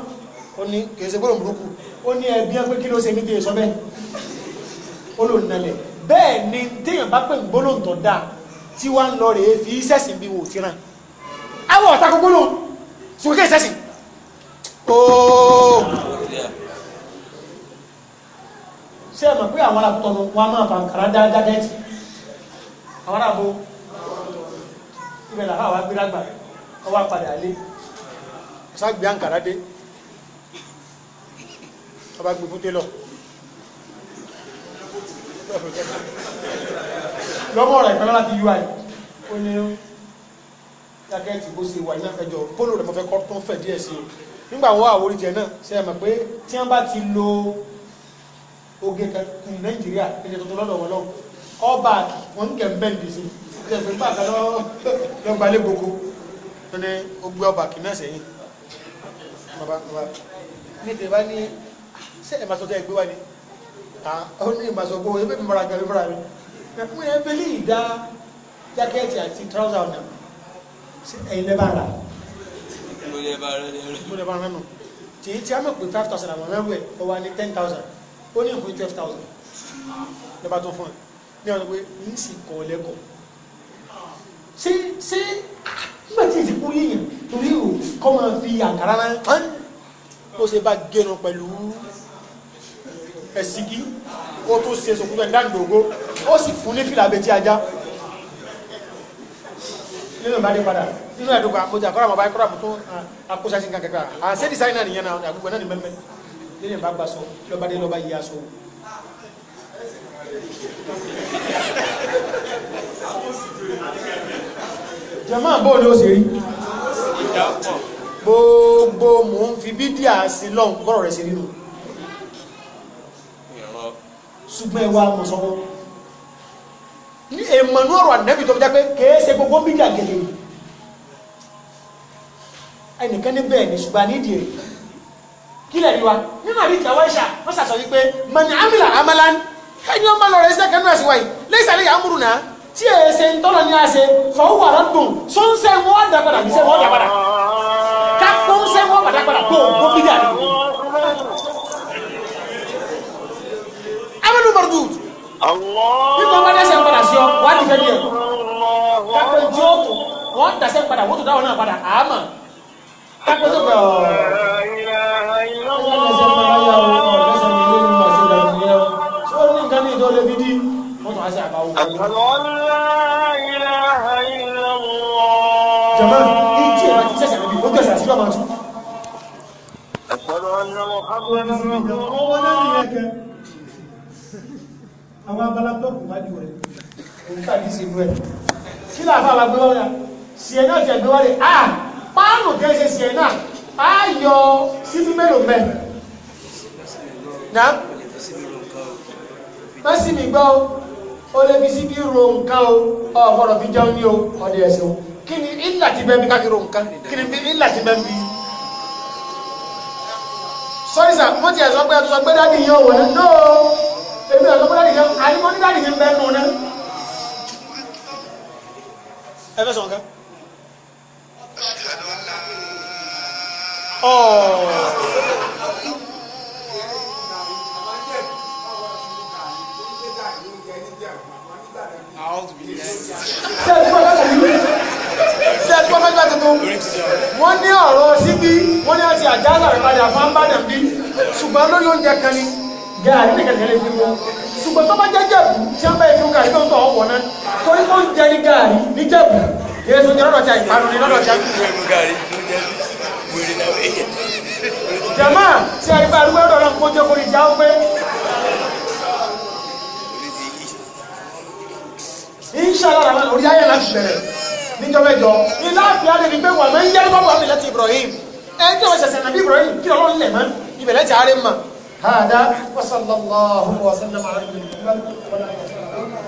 ó ní kèése gbọ́dọ̀ burúkú ó ní ẹbí ẹ pé kí ló ṣe ní tèè sọ bẹ́ẹ̀ ó lò nílẹ̀ bẹ́ẹ̀ ni téèyàn bá pè ń gbólóhùn tó dáa tí wá ń lọ rèé fi sẹ́sìn bí wò fíran awọ ọ̀tá gbólóhùn ṣùgbọ́n kí sẹ́sìn ooo ṣé ẹ mọ̀ pé àwọn àtọ̀nù wọn máa fa nkàrà dáadáa dẹ́tì àwọn àbò ibẹ̀ làwọn àwọn agbéragbà ọwọ́ apàdé àlé ṣáà gbé àǹkàrà dé wọ́n bá gbé fún télọ̀ lọ́wọ́ rẹ̀ pẹ̀lú láti ui ó ní jákẹ́ẹ̀tì bó ṣe wà ní àfẹjọ polo rẹ̀ mo fẹ́ kọ́ tó fẹ̀ díẹ̀ sí i nígbà wọ́n àwòrán jẹ náà ṣe é mọ̀ pé tí wọ́n bá ti lo oge kan ní nàìjíríà ẹ̀jẹ̀ tuntun lọ́dọ̀ wọn lọ́wọ́ ọba àkì wọn ń kẹ̀ ń bẹ́ǹdì sí i ẹ̀jẹ̀ pé pàtàkì lọ́gbà lé gbogbo ní ó gbé ọba àkì ṣé ẹ̀ máa sọ tẹ́ ẹ gbé wá ni ó ní ìmọ̀ sọ pé ó ṣe mọ́ra gan fúnra mi fún ẹ bẹ́lí ìdá jákẹ́ẹ̀tì àti tírọ́sà ọ̀nà ẹ̀yin lẹ́bà rà mo lẹ́bà rà nù tí tí a mọ̀ pé five thousand àwọn mẹ́wẹ̀ ọ wá ní ten thousand ó ní ìfún twelve thousand lẹ́bà tó fún ẹ ní ọ̀nà pé yìí sì kọ́ lẹ́kọ̀ọ́ ṣé ṣé nígbà tí ìsìnkú yíyàn torí ò kọ́ máa fi àǹkárá náà ó ṣe bá gẹnu pẹ̀lú ẹ̀sìnkí ó tó ṣe sòkútọ̀ ìdánidògó ó sì fún ní fìlà abẹ́tí ajá nínú ìbádé padà nínú ẹ̀dùnkọ̀ àpójà kọ́ra bàbá kọ́ra bù tó àkóṣà sí nǹkan kẹkẹrà à ń ṣe design náà nìyẹn náà àgbègbè náà ní mẹ́mẹ́ nínú ìbá gba sọ lọ́ba dé lọ́ba yíya sọ jẹ́mọ́ àbọ̀ ni ó ṣe rí gbogbo mò ń fi bídíà sí lọ́n gbọ́rọ̀ rẹ̀ ṣe rí ṣùgbọ́n ẹwà mọ̀ sọ́wọ́ ní èèmọ̀nú ọ̀rọ̀ ànẹ́bì tó fi jẹ́ pé kèése gbogbo ń bíjà gẹ̀lẹ̀ ẹnìkan ní bẹ́ẹ̀ ni ṣùgbọ́n nídìí rẹ̀ kí lẹ̀ rí wa wọ́n ṣàṣọ wípé amalan ẹni ọmọ lọ rẹ̀ sẹ́kẹ̀ náà síwáyì lẹ́sàlẹ̀ yà á múrù náà tí èése ń tọ́lọ ní àṣẹ fọwọ́ àrọ́dùn sọ́nsẹ́ wọ́n dàgbàdà bí sẹ́ wọ́n dàgbàdà kápọ́nsẹ́ wọ́n tó gbó bíjà nìyí amadu mardud. bí kò bá dẹ́sẹ̀ padà sí ọ wà á di fẹ́ẹ́ kápẹ́ tí ó tó wọ́n dẹ́sẹ̀ padà wọ́n tó dáwọn náà padà àmà. kápẹ́ tó bẹ̀ ọ́. ẹ̀yẹ́dẹ́sẹ̀ padà yà wọ́n ọ̀dẹ́sẹ̀ mi lé ní wàásù ìdàgbọ̀n yẹn o. tí ó ní nǹkan ní ìdọ́lẹ̀ bí dí wọ́n tún á sí àbáwọ̀. jama ìjì ẹ̀ bá ti sẹ̀sẹ̀ lóbi ó tẹ̀sẹ̀ àṣírí ọmọ tún. Àṣàrò ọ̀nà Mùhàmmadu. Ọwọ́ náà nìyẹn kẹ́ àwọn abala blọọkù wájú rẹ̀ òun kàdí sí ìlú ẹ̀ kí làá fà lágbé wáyà sìẹ̀ náà ti ẹ̀gbẹ́ wáyà à páànù tẹ́ ṣe sìẹ̀ náà á yọ síbí mélòó mẹ́ náà mẹ́sì mi gbọ́ o lè fi síbí ro nǹkan o ọ̀gbọ́dọ̀ fi jẹun ní o ọdẹ ẹ̀sẹ̀ o kí ni ìlà ti bẹ́ẹ̀ mi káàkiri nǹkan kí ni ìlà ti bẹ́ẹ̀ mi sọ́rí sà wọ́n ti ẹ̀sọ́ pé a tó sọ pé dádì yóò wọ̀ náà èmi ọ̀dọ́ mọ́ dáàdì yẹn àní mọ́ ní dáàdì yẹn bẹ́ẹ̀ nù ní. ẹ fẹ́ sọ nǹkan. sẹ́ẹ̀tì pọ̀ lọ́sẹ̀ yìí sẹ́ẹ̀tì pọ̀ lọ́sẹ̀ tuntun wọ́n ní ọ̀rọ̀ síbí wọ́n ní àti àjálà rẹ̀ padà fún abádàn bí ṣùgbọ́n lórí oúnjẹ kan ni gààrí nìkan tẹ́lẹ̀ fi mú ṣùgbọ́n tó bá jẹ́ jẹ̀bù tí wọ́n bá yẹ fi mú gààrí tó ń tọ̀ ọ̀wọ̀ náà torí tó ń jẹ ní gààrí ní jẹ̀bù yéé tó jẹ lọ́dọ̀ tí a ìpanu ní lọ́dọ̀ tí a jama tí a rí bá arúgbó lọ́dọ̀ náà kójó kórè já ó pé. inṣàlá rà lórí ayé láti bẹ̀rẹ̀ níjọ́mẹ́jọ ní láàfin alẹ́ ní pé wà mẹ́ ń yẹ́rú bọ́ọ̀bù àmì lẹ́tì Ibrahim ẹ̀ ń tẹ̀wọ̀ ṣẹ̀ṣẹ̀ nàbí Ibrahim kí Ọlọ́run lẹ̀ mọ́ ibẹ̀ lẹ́tì àárẹ̀ mọ́. هذا وصلى الله وسلم على نبينا محمد وعلى اله وصحبه